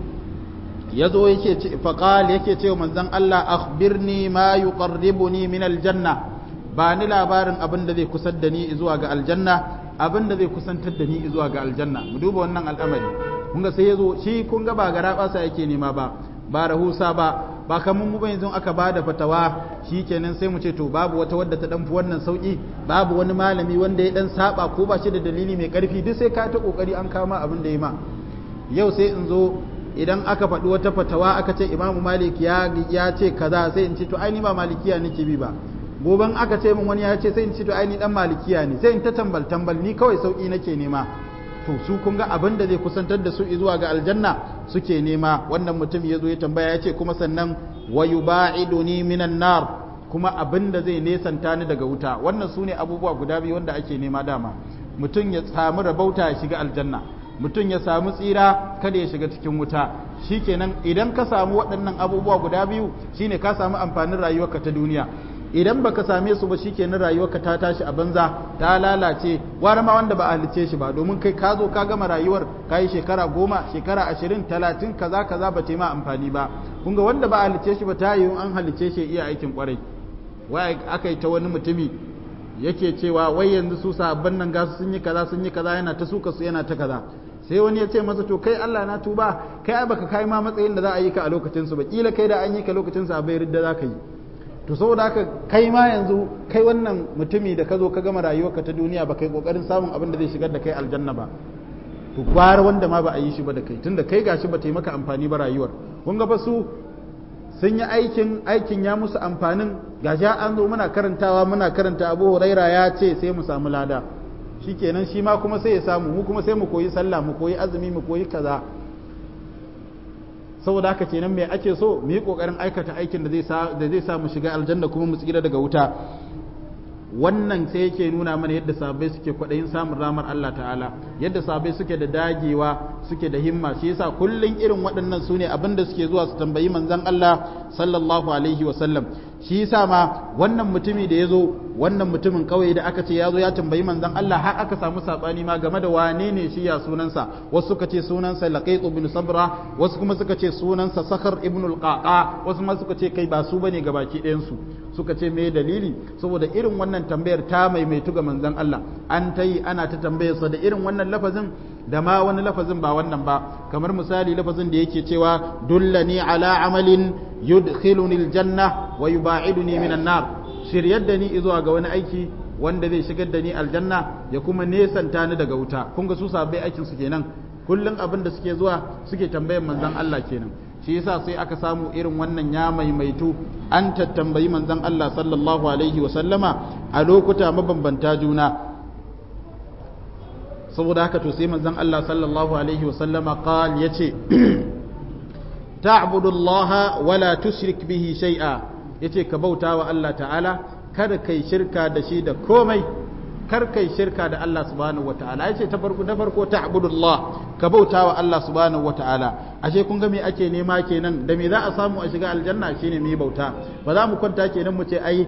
ya zo yake faƙal yake ce manzon Allah akhbirni ma yuqarribuni min aljanna ba ni labarin abin da zai kusar da ni zuwa ga aljanna abin da zai kusantar da ni zuwa ga aljanna mu duba wannan al'amari kun ga sai ya zo shi kun ga ba gara sa yake nema ba ba rahusa ba ba kamar mu bane zan aka bada fatawa shikenan sai mu ce to babu wata wadda ta danfu wannan sauki babu wani malami wanda ya dan saba ko ba shi da dalili mai karfi duk sai ka ta kokari an kama abin da ya ma yau sai in zo idan aka faɗi wata fatawa aka ce imamu malik ya ya ce kaza sai in ce to ai ba malikiya nake bi ba goban aka ce min wani ya ce sai in ce to ai dan malikiya ne sai in ta tambal tambal ni kawai sauki nake nema to su kun ga abin da zai kusantar da su zuwa ga aljanna suke nema wannan mutum ya zo ya tambaya ya ce kuma sannan wa yuba'iduni minan nar kuma abin da zai nesanta ni daga wuta wannan su ne abubuwa guda biyu wanda ake nema dama mutum ya samu rabauta ya shiga aljanna mutum ya samu tsira kada ya shiga cikin wuta shikenan idan ka samu waɗannan abubuwa guda biyu shi ne ka samu amfanin rayuwarka ta duniya idan baka same su ba shikenan rayuwarka ta tashi a banza ta lalace wara ma wanda ba a halice shi ba domin kai ka zo ka gama rayuwar ka yi shekara goma shekara ashirin talatin kaza kaza ba ta yi ma amfani ba kun wanda ba a halice shi ba ta yi an halice shi iya aikin kwarai wai aka yi ta wani mutumi yake cewa wai yanzu su sabbin nan gasu sun yi kaza sun yi kaza yana ta suka su yana ta kaza sai wani ya ce masa to kai Allah na tuba kai ai baka kai ma matsayin da za a yi ka a lokacin su ba kila kai da an yi ka lokacin su a bai ridda za ka yi to saboda haka kai ma yanzu kai wannan mutumi da ka zo ka gama rayuwarka ta duniya ba kai kokarin samun abin da zai shigar da kai aljanna ba to gwar wanda ma ba a yi shi ba da kai tunda kai gashi ba ta maka amfani ba rayuwar kun ga su sun yi aikin aikin ya musu amfanin gashi an zo muna karantawa muna karanta Abu Huraira ya ce sai mu samu lada shikenan shi ma kuma sai ya samu mu kuma sai mu koyi sallah mu koyi azumi mu koyi kaza saboda haka kenan me ake so mu yi kokarin aikata aikin da zai sa da zai sa mu shiga aljanna kuma mu tsira daga wuta wannan sai yake nuna mana yadda sahabbai suke kwaɗayin samun ramar Allah ta'ala yadda sahabbai suke da dagewa suke da himma shi yasa kullun irin waɗannan sune ne abinda suke zuwa su tambayi manzon Allah sallallahu alaihi wa sallam shi yasa ma wannan mutumi da yazo wannan mutumin kauye da aka ce yazo ya tambayi manzon Allah har aka samu sabani ma game da wane ne shi ya sunansa wasu suka ce sunansa Laqit ibn Sabra wasu kuma suka ce sunansa Sakhar ibn al-Qaqa wasu ma suka ce kai ba su bane gabaki ɗayan su suka ce me dalili saboda irin wannan tambayar ta maimaitu ga manzon Allah an tayi ana ta tambayar sa da irin wannan lafazin da ma wani lafazin ba wannan ba kamar misali lafazin da yake cewa dullani ala amalin yudkhiluni aljanna wa yuba'iduni minan nar shiryar da ni zuwa ga wani aiki wanda zai shigar da ni aljanna ya kuma nesanta ni daga wuta kun ga su sabai aikin su kenan kullun abin da suke zuwa suke tambayan manzon Allah kenan shi yasa sai aka samu irin wannan ya maimaitu an tattambayi manzon Allah sallallahu alaihi wa sallama a lokuta mabambanta juna saboda haka to sai manzon Allah sallallahu alaihi wasallama qal yace ta'budullaha Allah tushrik bihi shay'a yace ka bautawa Allah ta'ala kada kai shirka da shi da komai kar kai shirka da Allah subhanahu wataala yace ta farko na farko ta'budu Allah ka bauta wa Allah subhanahu wataala ashe kun ga me ake nema kenan da me za a samu a shiga aljanna shine mu bauta ba za mu kwanta kenan mu ce ai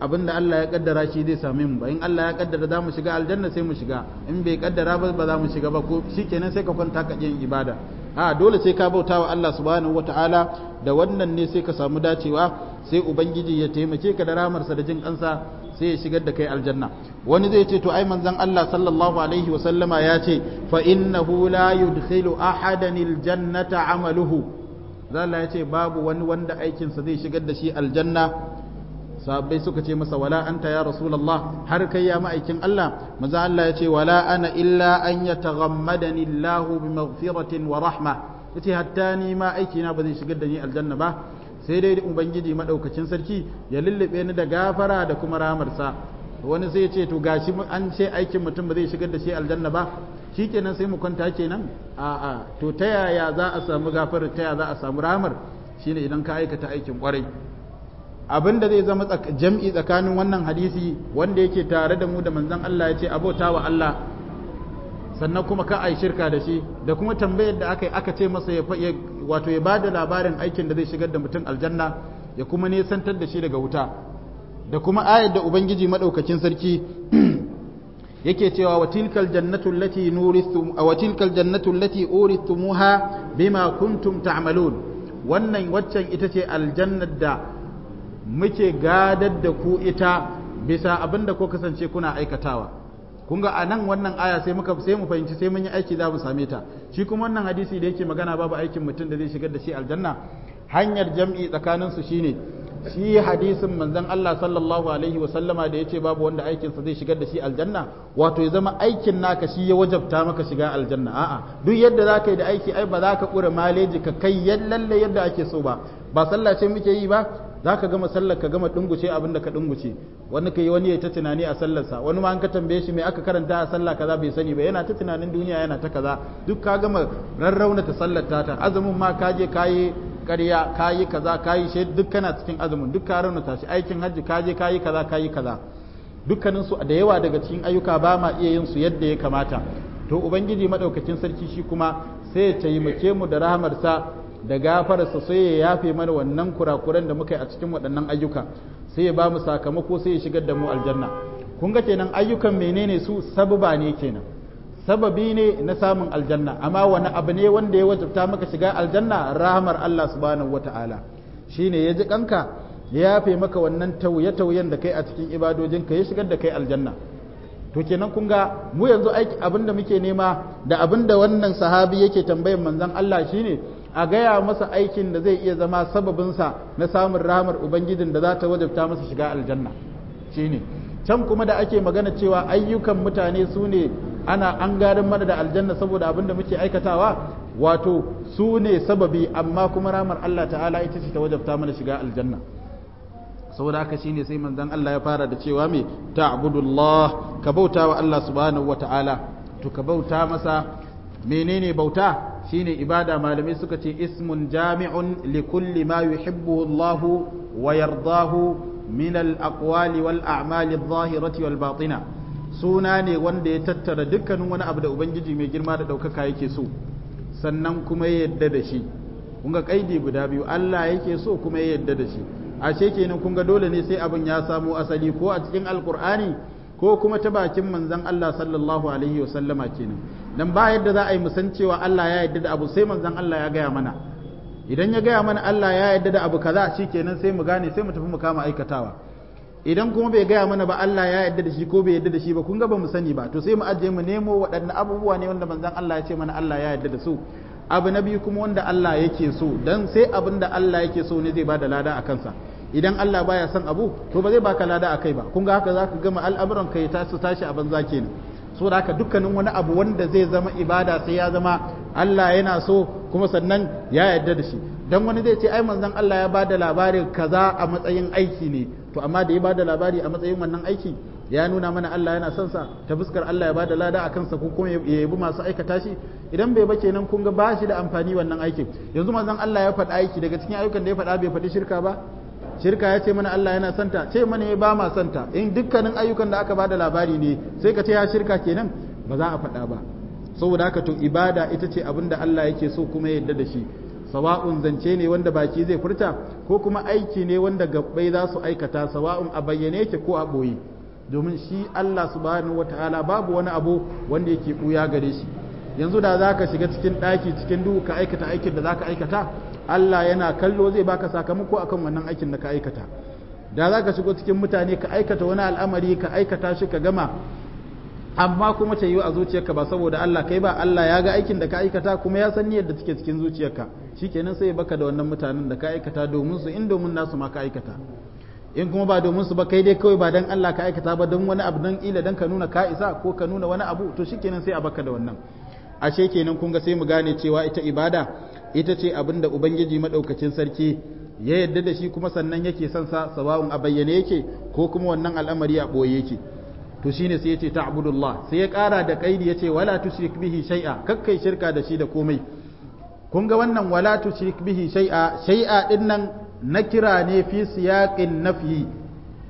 abinda Allah ya kaddara shi zai same mu ba in Allah ya kaddara za mu shiga aljanna sai mu shiga in bai kaddara ba ba za mu shiga ba ko shikenan sai ka kwanta ka yin ibada a dole sai ka bauta wa Allah subhanahu wataala da wannan ne sai ka samu dacewa sai ubangiji ya taimake ka da ramarsa da jin kansa sai ya shigar da kai aljanna wani zai ce to ai manzon Allah sallallahu alaihi wa sallama ya ce fa innahu la yudkhilu ahadan aljannata amaluhu zalla ya ce babu wani wanda aikinsa zai shigar da shi aljanna sahabbai suka ce masa wala anta ya rasulullah har kai ya ma'aikin Allah maza Allah ya ce wala ana illa an yataghammadani Allah bi maghfiratin wa rahma yace hatta ni ma aiki na ba zai shigar da ni aljanna ba sai dai ubangiji madaukakin sarki ya lullube ni da gafara da kuma ramarsa wani sai ya ce to gashi an ce aikin mutum ba zai shigar da shi aljanna ba shikenan sai mu kwanta kenan a'a to ta yaya za a samu gafarar ta yaya za a samu ramar shine idan ka aikata aikin kwarai abin da zai zama jam'i tsakanin wannan hadisi wanda yake tare da mu da manzan Allah ya ce abota wa Allah sannan kuma ka a shirka da shi da kuma tambayar da aka aka ce masa ya wato ya bada labarin aikin da zai shigar da mutum aljanna ya kuma nesantar da shi daga wuta da kuma ayar da ubangiji madaukakin sarki yake cewa wa tilkal jannatu allati nurithu wa tilkal jannatu bima kuntum ta'malun wannan waccan ita ce aljannar da muke gadar da ku ita bisa abin da ko kasance kuna aikatawa kun ga nan wannan aya sai muka sai mu fahimci sai mun yi aiki za mu same ta shi kuma wannan hadisi da yake magana babu aikin mutum da zai shigar da shi aljanna hanyar jam'i tsakanin su shine shi hadisin manzon Allah sallallahu alaihi wa sallama da yace babu wanda aikin sa zai shigar da shi aljanna wato ya zama aikin naka shi ya wajabta maka shiga aljanna a'a duk yadda zaka yi da aiki ai ba za ka kura maleji ka kai yallalle yadda ake so ba ba sallah ce muke yi ba za ka gama sallar ka gama dungushe abin da ka dungushe wani ka wani ya ta tunani a sallarsa wani ma an ka tambaye shi me aka karanta a sallah kaza bai sani ba yana ta tunanin duniya yana ta kaza duk ka gama rarrauna ta sallar ta azumin ma ka je ka yi ƙarya ka yi kaza ka yi shi duk kana cikin azumin duk ka ta shi aikin hajji ka je ka yi kaza ka yi kaza dukkaninsu da yawa daga cikin ayyuka ba ma iya yin su yadda ya kamata to ubangiji madaukakin sarki shi kuma sai ya taimake mu da rahamarsa da gafararsa sai ya yafe mana wannan kurakuran da muka yi a cikin waɗannan ayyuka sai ya ba mu sakamako sai ya shigar da mu aljanna kun ga kenan ayyukan menene su sababa ne kenan sababi ne na samun aljanna amma wani abu ne wanda ya wajabta maka shiga aljanna rahamar Allah subhanahu wata'ala shine ya ji kanka ya yafe maka wannan tauye-tauyen da kai a cikin ibadojinka ya shigar da kai aljanna to kenan kun ga mu yanzu aiki abinda muke nema da abinda wannan sahabi yake tambayar manzon Allah shine a gaya masa aikin da zai iya zama sababinsa na samun rahamar ubangijin da za ta wajabta masa shiga aljanna shine can kuma da ake magana cewa ayyukan mutane su ne ana an garin mana da aljanna saboda abin da muke aikatawa wato su ne sababi amma kuma rahmar Allah ta'ala ita ce ta wajabta mana shiga aljanna saboda haka shine sai manzon Allah ya fara da cewa me ta'budullah ka bauta wa Allah subhanahu wata'ala to ka bauta masa menene bauta shine ibada malamai suka ce ismun jami'un li kulli ma yuhibbuhu Allah wa yardahu min al wal a'mali adh-dhahirati wal batina suna ne wanda ya tattara dukkanin wani abu da ubangiji mai girma da daukaka yake so sannan kuma ya yadda da shi kun ga kaidi guda biyu Allah yake so kuma ya yadda da shi ashe kenan kun ga dole ne sai abin ya samo asali ko a cikin alqur'ani ko kuma ta bakin manzon Allah sallallahu alaihi wa sallama kenan dan ba yadda za a yi musancewa Allah ya yadda da abu sai manzan Allah ya gaya mana idan ya gaya mana Allah ya yarda da abu kaza kenan sai mu gane sai mu tafi mu kama aikatawa idan kuma bai gaya mana ba Allah ya yadda da shi ko bai yarda da shi ba kun ga ba mu sani ba to sai mu ajiye mu nemo waɗanne abubuwa ne wanda manzon Allah ya ce mana Allah ya yadda da su abu na biyu kuma wanda Allah yake so dan sai abin da Allah yake so ne zai ba da lada a kansa idan Allah baya son abu to ba zai baka lada akai ba kun ga haka zaka gama al'amuran kai ta su tashi a banza kenan saboda haka dukkanin wani abu wanda zai zama ibada sai ya zama Allah yana so kuma sannan ya yarda da shi dan wani zai ce ai manzon Allah ya bada labarin kaza a matsayin aiki ne to amma da ya bada labari a matsayin wannan aiki ya nuna mana Allah yana son sa ta fuskar Allah ya bada lada a kansa ko kuma ya yabi masu aikata shi idan bai ba kenan, kun ga ba shi da amfani wannan aikin yanzu manzon Allah ya faɗa aiki daga cikin ayyukan da ya faɗa bai faɗi shirka ba shirka ya ce mana Allah yana santa ce mana ya ba ma santa in dukkanin ayyukan da aka ba da labari ne sai ka ce ya shirka kenan ba za a faɗa ba saboda haka to ibada ita ce abin da Allah yake so kuma yadda da shi sawa'un zance ne wanda baki zai furta ko kuma aiki ne wanda gabbai za su aikata sawa'un a bayyane yake ko a ɓoye domin shi Allah subhanahu wataala babu wani abu wanda yake ɓuya gare shi yanzu da za ka shiga cikin ɗaki cikin duhu ka aikata aikin da za ka aikata Allah yana kallo zai baka sakamako akan wannan aikin da ka aikata da za ka shigo cikin mutane ka aikata wani al'amari ka aikata shi ka gama amma kuma ta yi a zuciyarka ba saboda Allah kai ba Allah ya ga aikin da ka aikata kuma ya san niyyar da take cikin zuciyarka shikenan sai baka da wannan mutanen da ka aikata domin su in domin nasu ma ka aikata in kuma ba domin su ba kai dai kawai ba dan Allah ka aikata ba don wani abu dan ila dan ka nuna ka isa ko ka nuna wani abu to shikenan sai a baka da wannan ashe kenan kun ga sai mu gane cewa ita ibada ita ce abin da ubangiji maɗaukacin sarki ya yadda da shi kuma sannan yake son sa sabawun a bayyane yake ko kuma wannan al'amari a ɓoye yake to shine sai yace ta'budullah sai ya kara da kaidi yace wala tushrik bihi shay'a kakkai shirka da shi da komai kun ga wannan wala tushrik bihi shay'a shay'a din nan na kira ne fi siyaqin nafyi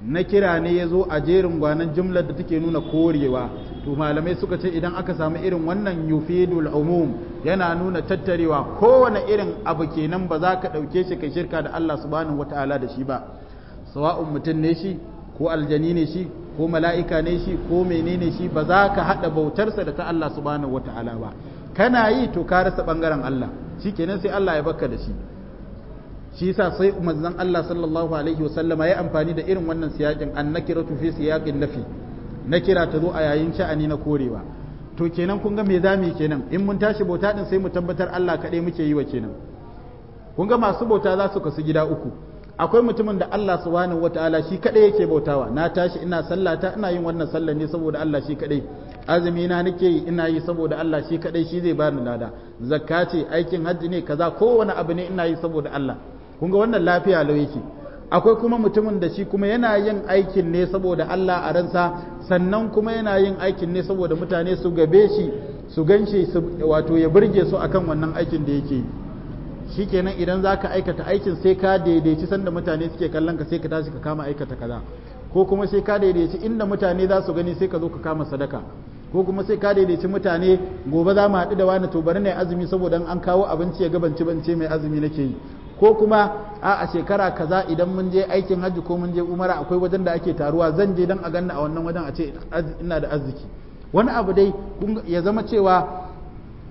na kira ne ya zo a jerin gwanan jumlar da take nuna korewa to malamai suka ce idan aka samu irin wannan yufidul umum yana nuna tattarewa kowane irin abu kenan ba za ka ɗauke shi ka shirka da Allah subhanahu wata'ala da shi ba sawa'un mutum ne shi ko aljani ne shi ko mala'ika ne shi ko menene shi ba za ka haɗa bautarsa da ta Allah subhanahu wata'ala ba kana yi to ka rasa ɓangaren Allah shikenan sai Allah ya baka da shi shi yasa sai manzon Allah sallallahu alaihi wasallama ya amfani da irin wannan siyakin annakiratu fi siyaqin nafi nakira ta zo a yayin sha'ani na korewa to kenan kun ga me zamu kenan in mun tashi bauta din sai mu tabbatar Allah kaɗai muke yi wa kenan kun ga masu bauta za su kasu gida uku akwai mutumin da Allah wata wataala shi kaɗai yake bautawa na tashi ina sallata ina yin wannan sallar ne saboda Allah shi kaɗai. azumi na nake yi ina yi saboda Allah shi kaɗai shi zai bani lada zakka aikin hajji ne kaza kowane abu ne ina yi saboda Allah kun ga wannan lafiya lau yake akwai kuma mutumin da shi kuma yana yin aikin ne saboda Allah a ransa sannan kuma yana yin aikin ne saboda mutane su gabe shi su wato ya burge su akan wannan aikin da yake yi shikenan idan zaka aikata aikin sai ka daidaici sanda mutane suke kallon ka sai ka tashi ka kama aikata kaza ko kuma sai ka daidaici inda mutane za su gani sai ka zo ka kama sadaka ko kuma sai ka daidaici mutane gobe za mu haɗu da wani to bari na azumi saboda an kawo abinci ya gabanci bance mai azumi nake yi ko kuma a a shekara kaza idan mun je aikin hajji ko mun je umara akwai wajen da ake taruwa zan je dan a ganna a wannan wajen a ce ina da arziki wani abu dai ya zama cewa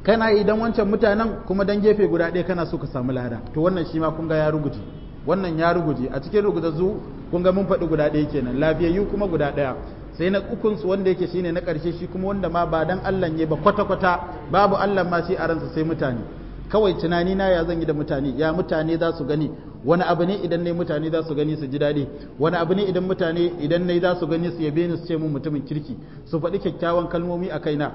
kana idan wancan mutanen kuma dan gefe guda ɗaya kana so ka samu lada to wannan shi ma kun ga ya ruguje wannan ya ruguje a cikin zu kun ga mun faɗi guda ɗaya kenan lafiyayyu kuma guda ɗaya sai na ukun su wanda yake shine na ƙarshe shi kuma wanda ma ba dan Allah ne ba kwata kwata babu Allah ma shi a ransa sai mutane kawai tunani na ya zan yi da mutane ya mutane za su gani wani abu ne idan ne mutane za su gani su ji daɗi wani abu ne idan mutane idan ne za su gani su yabe ni su ce mun mutumin kirki su faɗi kyakkyawan kalmomi a kaina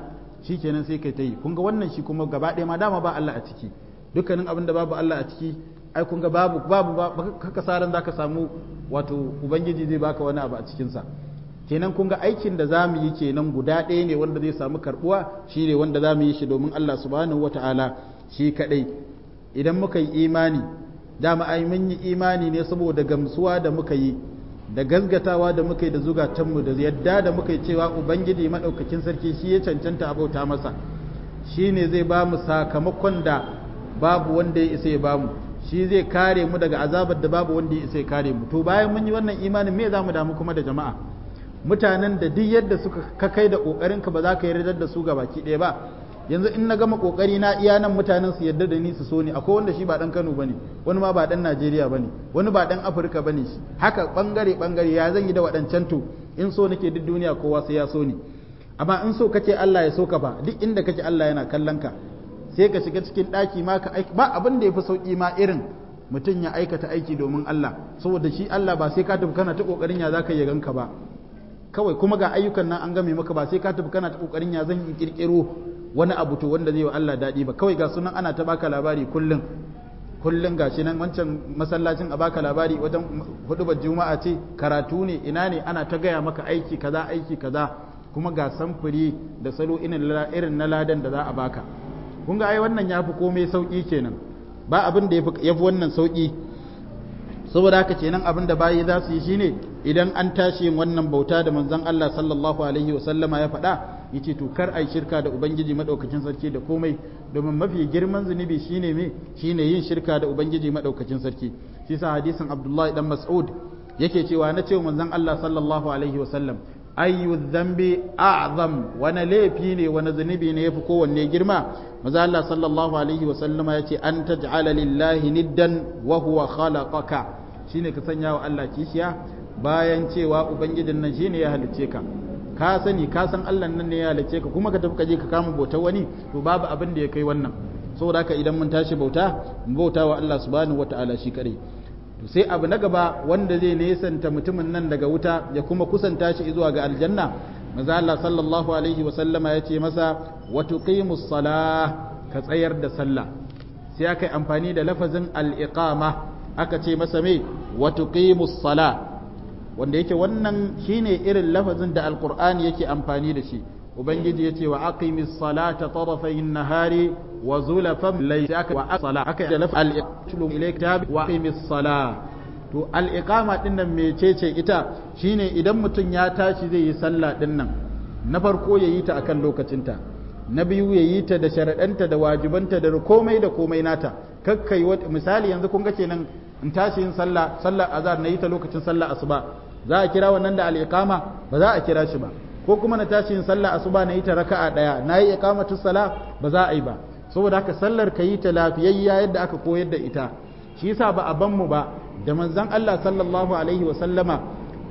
kenan sai kai ta yi kun ga wannan shi kuma gaba ɗaya ma dama ba Allah a ciki dukkanin abin da babu Allah a ciki ai kun ga babu babu ba kaka saran zaka samu wato ubangiji zai baka wani abu a cikin sa kenan kun ga aikin da zamu yi kenan guda ɗaya ne wanda zai samu karbuwa ne wanda zamu yi shi domin Allah subhanahu wataala shi kaɗai, idan muka yi imani dama ai mun yi imani ne saboda gamsuwa da muka yi da gazgatawa da muka yi da zugatanmu da yadda da muka yi cewa ubangiji madaukakin sarki shi ya cancanta abauta masa shi ne zai ba mu sakamakon da babu wanda ya isa ya ba mu shi zai kare mu daga azabar da babu wanda ya isa ya kare mu to bayan mun yi wannan imanin me za mu damu kuma da jama'a mutanen da duk yadda suka kakai da ƙoƙarinka ba za ka yarda da su ga baki ɗaya ba yanzu in na gama kokari na iya nan mutanen su yarda da ni su so ni akwai wanda shi ba dan Kano bane wani ma ba dan Najeriya bane wani ba dan Afirka bane shi haka bangare bangare ya zan yi da wadancan to in so nake duk duniya kowa sai ya so ni amma in so kake Allah ya so ka fa duk inda kake Allah yana kallon ka sai ka shiga cikin daki ma ka ba abin da yafi sauki ma irin mutum ya aikata aiki domin Allah saboda shi Allah ba sai ka tafi kana ta kokarin ya zaka yi ganka ba kawai kuma ga ayyukan nan an game maka ba sai ka tafi kana ta kokarin ya zan yi kirkiro wani abu to wanda zai wa Allah daɗi ba kawai ga sunan ana ta baka labari kullum kullum gashi nan wancan masallacin a baka labari wajen hudubar juma'a ce karatu ne ina ne ana ta gaya maka aiki kaza aiki kaza kuma ga samfuri da salo irin na ladan da za a baka kun ga ai wannan ya fi komai sauki kenan ba abin da ya fi wannan sauki saboda haka kenan abin da bayi za su yi shine idan an tashi wannan bauta da manzon Allah sallallahu alaihi wasallama ya faɗa yace to kar ai shirka da ubangiji madaukakin sarki da komai domin mafi girman zunubi shine me shine yin shirka da ubangiji madaukakin sarki shi sa hadisin abdullahi dan mas'ud yake cewa na ce manzon Allah sallallahu alaihi wasallam ayyu dhanbi a'zam wani laifi ne wani zunubi ne yafi kowanne girma maza Allah sallallahu alaihi wasallam ya ce an taj'ala lillahi niddan wa huwa khalaqaka shine ka sanya wa Allah kishiya bayan cewa ubangijin nan shine ya halicce ka ka sani ka san Allah nan ne ya halice ka kuma ka tafi ka je ka kama bautar wani to babu abin da ya kai wannan saboda haka idan mun tashi bauta mu bauta wa Allah subhanahu wataala shi kare. to sai abu na gaba wanda zai nesanta mutumin nan daga wuta ya kuma kusanta shi zuwa ga aljanna maza Allah sallallahu alaihi wa sallama ya ce masa wa tuqimus salah ka tsayar da sallah sai aka yi amfani da lafazin al-iqama aka ce masa me wa tuqimus salah wanda yake wannan shine irin lafazin da alqur'ani yake amfani da shi ubangiji yace wa aqimis salata tarafayn nahari wa zulafan laysa aka wa sala aka da lafal al-iqlu ilayka tab wa aqimis sala to al-iqama din nan mecece ita shine idan mutum ya tashi zai yi sallah din nan na farko yayi ta akan lokacinta na biyu yayi ta da sharadanta da wajibanta da komai da komai nata kakkai misali yanzu kun ga kenan in tashi yin sallah sallar azhar na yi ta lokacin sallar asuba za a kira wannan da al'iqama ba za a kira shi ba ko kuma na tashi yin sallah asuba na yi ta raka'a daya na yi iqamatu sala ba za a yi ba saboda haka sallar kayi yi ta lafiyayya yadda aka koyar da ita shi yasa ba a ban mu ba da manzon Allah sallallahu alaihi wa sallama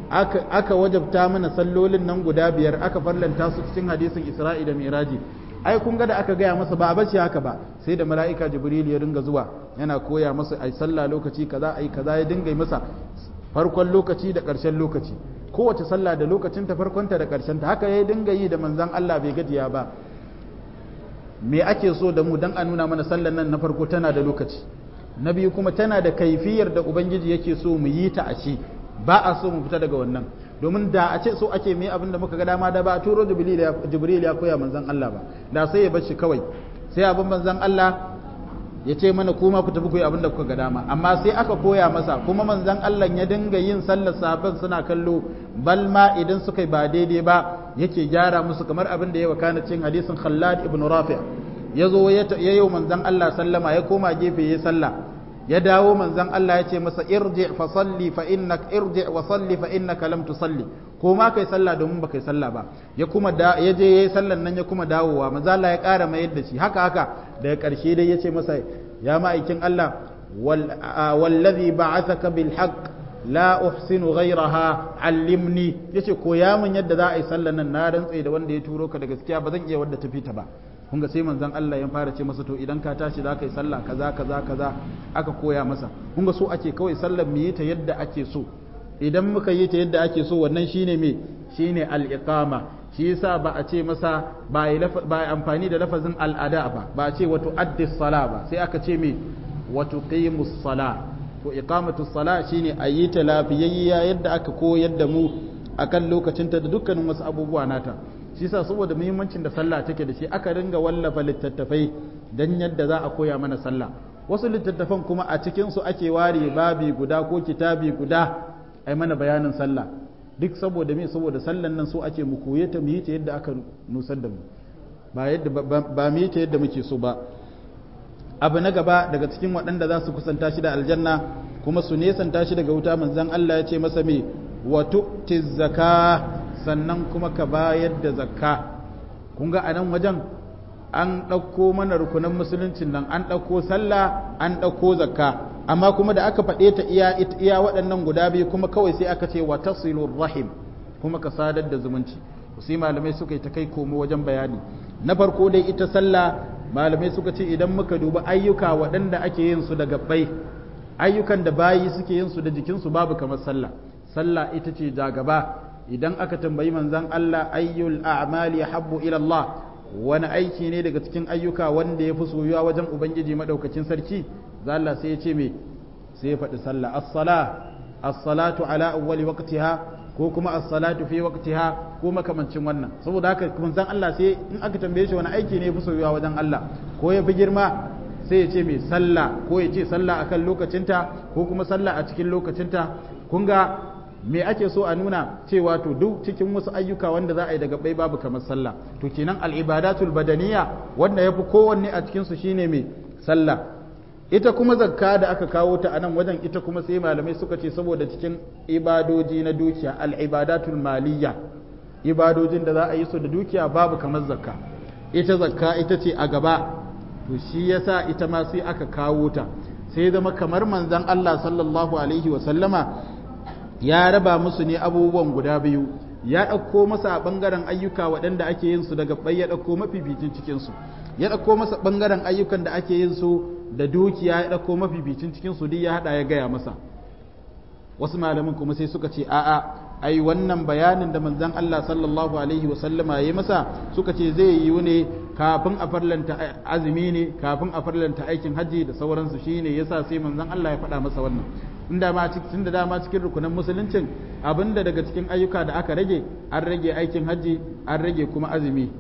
aka aka wajabta mana sallolin nan guda biyar aka farlanta su cikin hadisin Isra'i da Miraji ai kun ga da aka gaya masa ba a bace haka ba sai da mala'ika jibril ya ringa zuwa yana koya masa ai sallah lokaci kaza ai kaza ya dinga masa farkon lokaci da ƙarshen lokaci kowace sallah da lokacin ta farkonta da ƙarshen ta haka yayi dinga yi da manzon Allah bai gajiya ba me ake so da mu dan a nuna mana sallar nan na farko tana da lokaci na biyu kuma tana da kaifiyar da ubangiji yake so mu yi ta a ce ba a so mu fita daga wannan domin da a ce so ake mai abin da muka ga dama da ba a turo jibril ya koya manzan Allah ba da sai ya bar kawai sai abin manzan Allah ya ce mana kuma ku tafi ku yi abin da kuka ga dama amma sai aka koya masa kuma manzan Allah ya dinga yin sallar sahabban suna kallo bal ma idan suka ba daidai ba yake gyara musu kamar abin da ya wakana cin hadisin Khallad ibn Rafi' ya zo ya yi manzon Allah sallama ya koma gefe ya salla. ya dawo manzon Allah ya ce masa irji fa salli fa innaka irji wa salli fa innaka lam tusalli ko ma kai sallah domin baka yi sallah ba ya kuma da ya je yayi sallan nan ya kuma dawowa manzon Allah ya ƙara mayar da shi haka haka daga ƙarshe dai ya ce masa ya ma'aikin Allah wallazi ba'athaka bil haqq la uhsinu ghayraha allimni yace koya mun yadda za a yi sallan nan na rantse da wanda ya turo ka da gaskiya ba zan iya wadda ta fita ba kun ga sai manzon Allah ya fara ce masa to idan ka tashi za ka yi sallah kaza kaza kaza aka koya masa kun ga so ake kawai sallar mu yi ta yadda ake so idan muka yi ta yadda ake so wannan shine me shine al-iqama shi yasa ba a ce masa ba yi amfani da lafazin al'ada ba ba a ce wato addi sala ba sai aka ce me wato qimus sala to iqamatu sala shine yi ta lafiyayya yadda aka koyar da mu akan lokacinta da dukkanin wasu abubuwa nata shi sa saboda muhimmancin da sallah take da shi aka ringa wallafa littattafai dan yadda za a koya mana sallah wasu littattafan kuma a cikin su ake ware babi guda ko kitabi guda ai mana bayanin sallah duk saboda me saboda sallan nan so ake mu koye ta mu yi ta yadda aka nusar da mu ba yadda ba mu yi ta yadda muke so ba abu na gaba daga cikin waɗanda za su kusanta shi da aljanna kuma su nesanta shi daga wuta manzon Allah ya ce masa me wa tu'ti zakah sannan kuma ka bayar da zakka kun ga anan wajen an ɗauko mana rukunan musuluncin nan an ɗauko sallah an ɗauko zakka amma kuma da aka faɗe ta iya iya waɗannan guda biyu kuma kawai sai aka ce wa tasilur rahim kuma ka sadar da zumunci sai malamai suka yi ta kai komo wajen bayani na farko dai ita sallah malamai suka ce idan muka duba ayyuka waɗanda ake yin su da gabbai ayyukan da bayi suke yin su da jikinsu babu kamar sallah sallah ita ce jagaba gaba idan aka tambayi manzon Allah ayyul a'mali habbu ila Allah wani aiki ne daga cikin ayyuka wanda ya fi soyuwa wajen ubangiji madaukakin sarki za Allah sai ya ce me sai ya faɗi sallah as-sala as-salatu ala awwali waqtiha ko kuma as-salatu fi waqtiha ko makamancin wannan saboda haka manzon Allah sai in aka tambaye shi wani aiki ne ya fi soyuwa wajen Allah ko ya fi girma sai ya ce me sallah ko ya ce sallah akan lokacinta ko kuma sallah a cikin lokacinta kun ga me ake so a nuna cewa to duk cikin wasu ayyuka wanda za a yi daga bai babu kamar sallah to kenan al'ibadatul badaniya wanda yafi kowanne a cikin su shine mai sallah ita kuma zakka da aka kawo ta anan wajen ita kuma sai malamai suka ce saboda cikin ibadoji na dukiya ibadatul maliyya ibadojin da za a yi su da dukiya babu kamar zakka ita zakka ita ce a gaba to shi yasa ita ma sai aka kawo ta sai zama kamar manzon Allah sallallahu alaihi wa sallama ya raba musu ne abubuwan guda biyu ya ɗauko masa a ɓangaren ayyuka waɗanda ake yin su daga ɓai ya ɗauko mafificin cikinsu ya ɗauko masa ɓangaren ayyukan da ake yin su da dukiya ya ɗauko mafificin cikinsu duk ya haɗa ya gaya masa wasu malamin kuma sai suka ce a'a ai wannan bayanin da manzon Allah sallallahu alaihi wa sallama ya masa suka ce zai yi ne kafin a farlanta azumi ne kafin a farlanta aikin hajji da sauransu shine yasa sai manzon Allah ya faɗa masa wannan tun da dama cikin rukunan musuluncin abinda daga cikin ayyuka da aka rage an rage aikin hajji an rage kuma azumi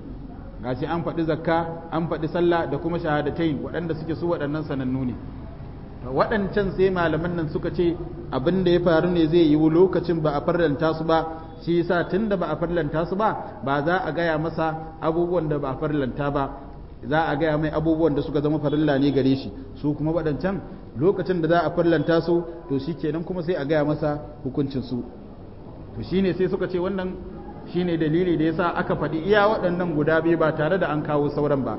gashi an faɗi zakka an faɗi sallah da kuma shahadatain waɗanda suke su waɗannan sanannu ne waɗancan sai malaman nan suka ce abinda ya faru ne zai yiwu lokacin ba a farlanta su ba shi yasa tunda ba a farlanta su ba ba za a gaya masa abubuwan da ba a farlanta ba za a gaya mai abubuwan da suka zama farilla ne gare shi su kuma waɗancan lokacin da za a farlanta su to shi kenan kuma sai a gaya masa hukuncinsu to shi ne sai suka ce wannan shi ne dalili da ya sa aka faɗi iya waɗannan guda biyu ba tare da an kawo sauran ba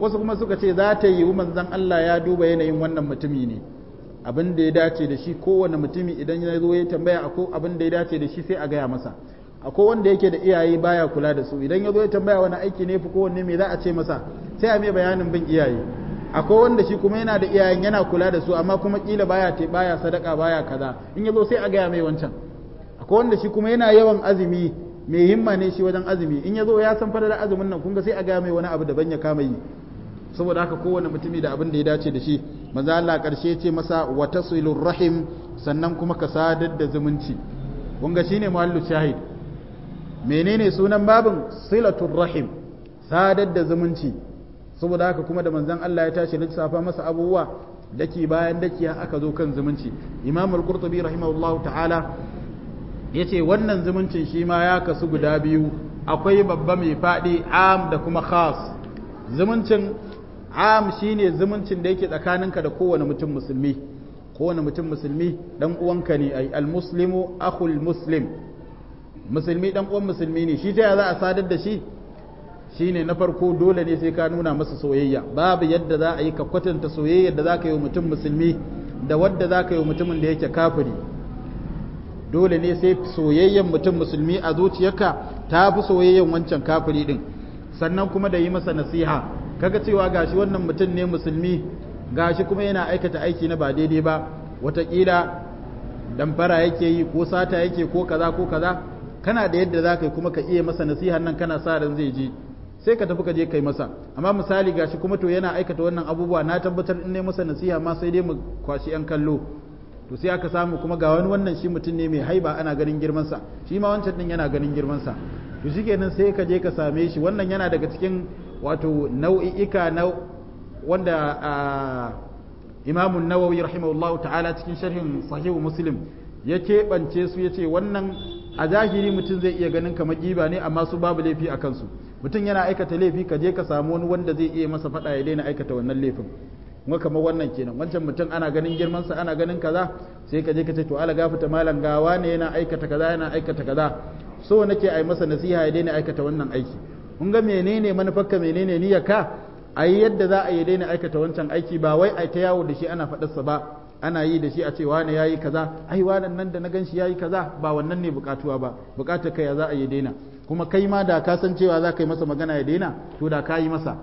wasu kuma suka ce za ta yiwu manzan Allah ya duba yanayin wannan mutumi ne abin da ya dace da shi kowane mutumi idan ya zo ya tambaya ko abin da ya dace da shi sai a gaya masa akwai wanda yake da iyaye baya kula da su idan ya zo ya tambaya wani aiki ne fi kowanne me za a ce masa sai a mai bayanin bin iyaye akwai wanda shi kuma yana da iyayen yana kula da su amma kuma kila baya te baya sadaka baya kaza in yazo sai a gaya mai wancan akwai wanda shi kuma yana yawan azumi mai himma ne shi wajen azumi in yazo ya san fadar azumin nan kun ga sai a gaya mai wani abu daban ya kama yi saboda haka kowane mutumi da abin da ya dace da shi manzo Allah karshe ce masa wa tasilur rahim sannan kuma ka sadar da zumunci kun ga shine muallu shahid menene sunan babin silatul rahim sadar da zumunci saboda haka kuma da manzon Allah ya tashi lissafa masa abubuwa daki bayan daki aka zo kan zumunci imam al-qurtubi rahimahullahu ta'ala yace wannan zumuncin shi ma ya kasu guda biyu akwai babba mai fadi am da kuma khas zumuncin am shine zumuncin da yake tsakaninka da kowane mutum musulmi kowane mutum musulmi dan uwanka ne ai al-muslimu akhul muslim musulmi dan uwan musulmi ne shi ta za a sadar da shi shine na farko dole ne sai ka nuna masa soyayya babu yadda za a yi ka kwatanta soyayyar da za ka yi wa mutum musulmi da wadda za ka yi wa mutumin da yake kafiri dole ne sai soyayyan mutum musulmi a zuciyarka ta fi soyayyan wancan kafiri din sannan kuma da yi masa nasiha kaga cewa gashi wannan mutum ne musulmi gashi kuma yana aikata aiki na ba daidai ba watakila damfara yake yi ko sata yake ko kaza ko kaza kana da yadda za ka yi kuma ka iya masa nasiha nan kana sa ran zai je. sai ka tafi ka je kai masa amma misali gashi kuma to yana aikata wannan abubuwa na tabbatar in ne masa nasiha ma sai dai mu kwashi yan kallo to sai aka samu kuma ga wani wannan shi mutum ne mai haiba ana ganin girmansa shi ma wancan din yana ganin girmansa to shikenan sai ka je ka same shi wannan yana daga cikin wato nau'i'ika na wanda imamu nawawi rahimahullahu ta'ala cikin sharhin sahihu muslim ya keɓance su ya ce wannan a zahiri mutum zai iya ganin kamar giba ne amma su babu laifi a kansu mutum yana aikata laifi ka je ka samu wani wanda zai iya masa faɗa ya daina aikata wannan laifin kuma kamar wannan kenan wancan mutum ana ganin girman sa ana ganin kaza sai ka je ka ce to ala gafata malam gawa ne yana aikata kaza yana aikata kaza so nake ai masa nasiha ya daina aikata wannan aiki mun ga menene manufarka menene ka ai yadda za a yi daina aikata wancan aiki ba wai ai ta yawo da shi ana faɗarsa ba ana yi da shi a ce wane yayi kaza ai wannan nan da na gan ganshi yayi kaza ba wannan ne bukatuwa ba bukatar ka za a yi daina kuma kai ma da ka san cewa za ka yi masa magana ya daina to da ka yi masa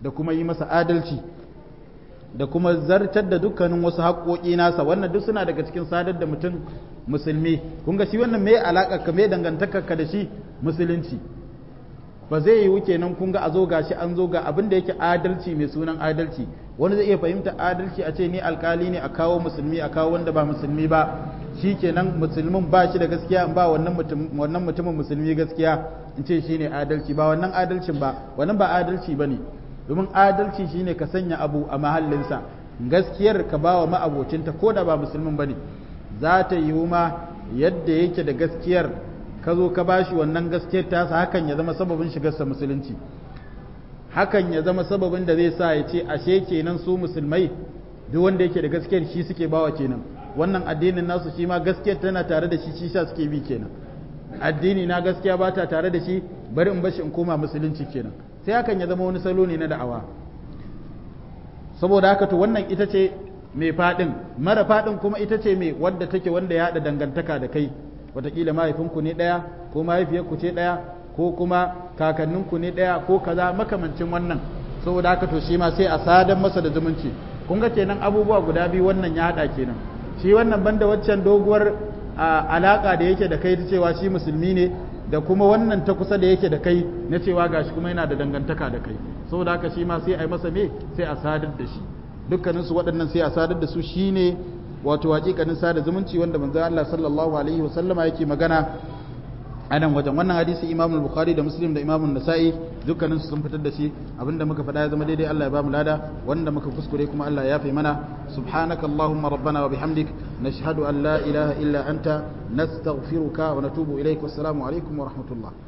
da kuma yi masa adalci da kuma zartar da dukkanin wasu haƙoƙi nasa wannan duk suna daga cikin sadar da mutum musulmi kun ga shi wannan mai alaƙa ka mai dangantaka ka da shi musulunci ba zai yi wuce nan kun ga a zo ga shi an zo ga abin da yake adalci mai sunan adalci wani zai iya fahimta adalci a ce ni alkali ne a kawo musulmi a kawo wanda ba musulmi ba shikenan musulmin ba shi da gaskiya in ba wannan mutum wannan mutumin musulmi gaskiya in ce shine adalci ba wannan adalcin ba wannan ba adalci bane domin adalci shine ka sanya abu a mahallinsa gaskiyar ka ba wa ma'abocinta ko da ba musulmin bane za ta yiwu ma yadda yake da gaskiyar ka zo ka bashi wannan gaskiyar ta hakan ya zama sababin shigarsa musulunci hakan ya zama sababin da zai sa ya ce ashe kenan su musulmai duk wanda yake da gaskiyar shi suke bawa kenan wannan addinin nasu shi ma gaskiya tana tare da shi shi sa suke bi kenan addini na gaskiya ba ta tare da shi bari in bashi in koma musulunci kenan sai hakan ya zama wani salo ne na da'awa saboda haka to wannan ita ce mai faɗin mara faɗin kuma ita ce mai wadda take wanda ya haɗa dangantaka da kai wataƙila mahaifinku ne ɗaya ko mahaifiyarku ce ɗaya ko kuma kakanninku ne ɗaya ko kaza makamancin wannan saboda haka to shi ma sai a sadan masa da zumunci kun ga kenan abubuwa guda biyu wannan ya haɗa kenan shi wannan banda waccan doguwar alaka da yake da kai ta cewa shi musulmi ne da kuma wannan ta kusa da yake da kai na cewa ga shi kuma yana da dangantaka da kai saboda haka shi ma sai a yi masa me sai a sadar da shi dukkaninsu waɗannan sai a sadar da su shine wato haƙiƙanin sada zumunci wanda manzo Allah sallallahu alaihi wasallama yake magana anan wajen wannan hadisi imam al-bukhari da muslim da imam an-nasa'i dukkanin su sun fitar da shi abinda muka faɗa ya zama daidai Allah ya ba mu lada wanda muka kuskure kuma Allah ya yafe mana subhanakallahumma rabbana wa bihamdik nashhadu an la ilaha illa anta nastaghfiruka wa natubu ilaik wassalamu alaikum wa rahmatullah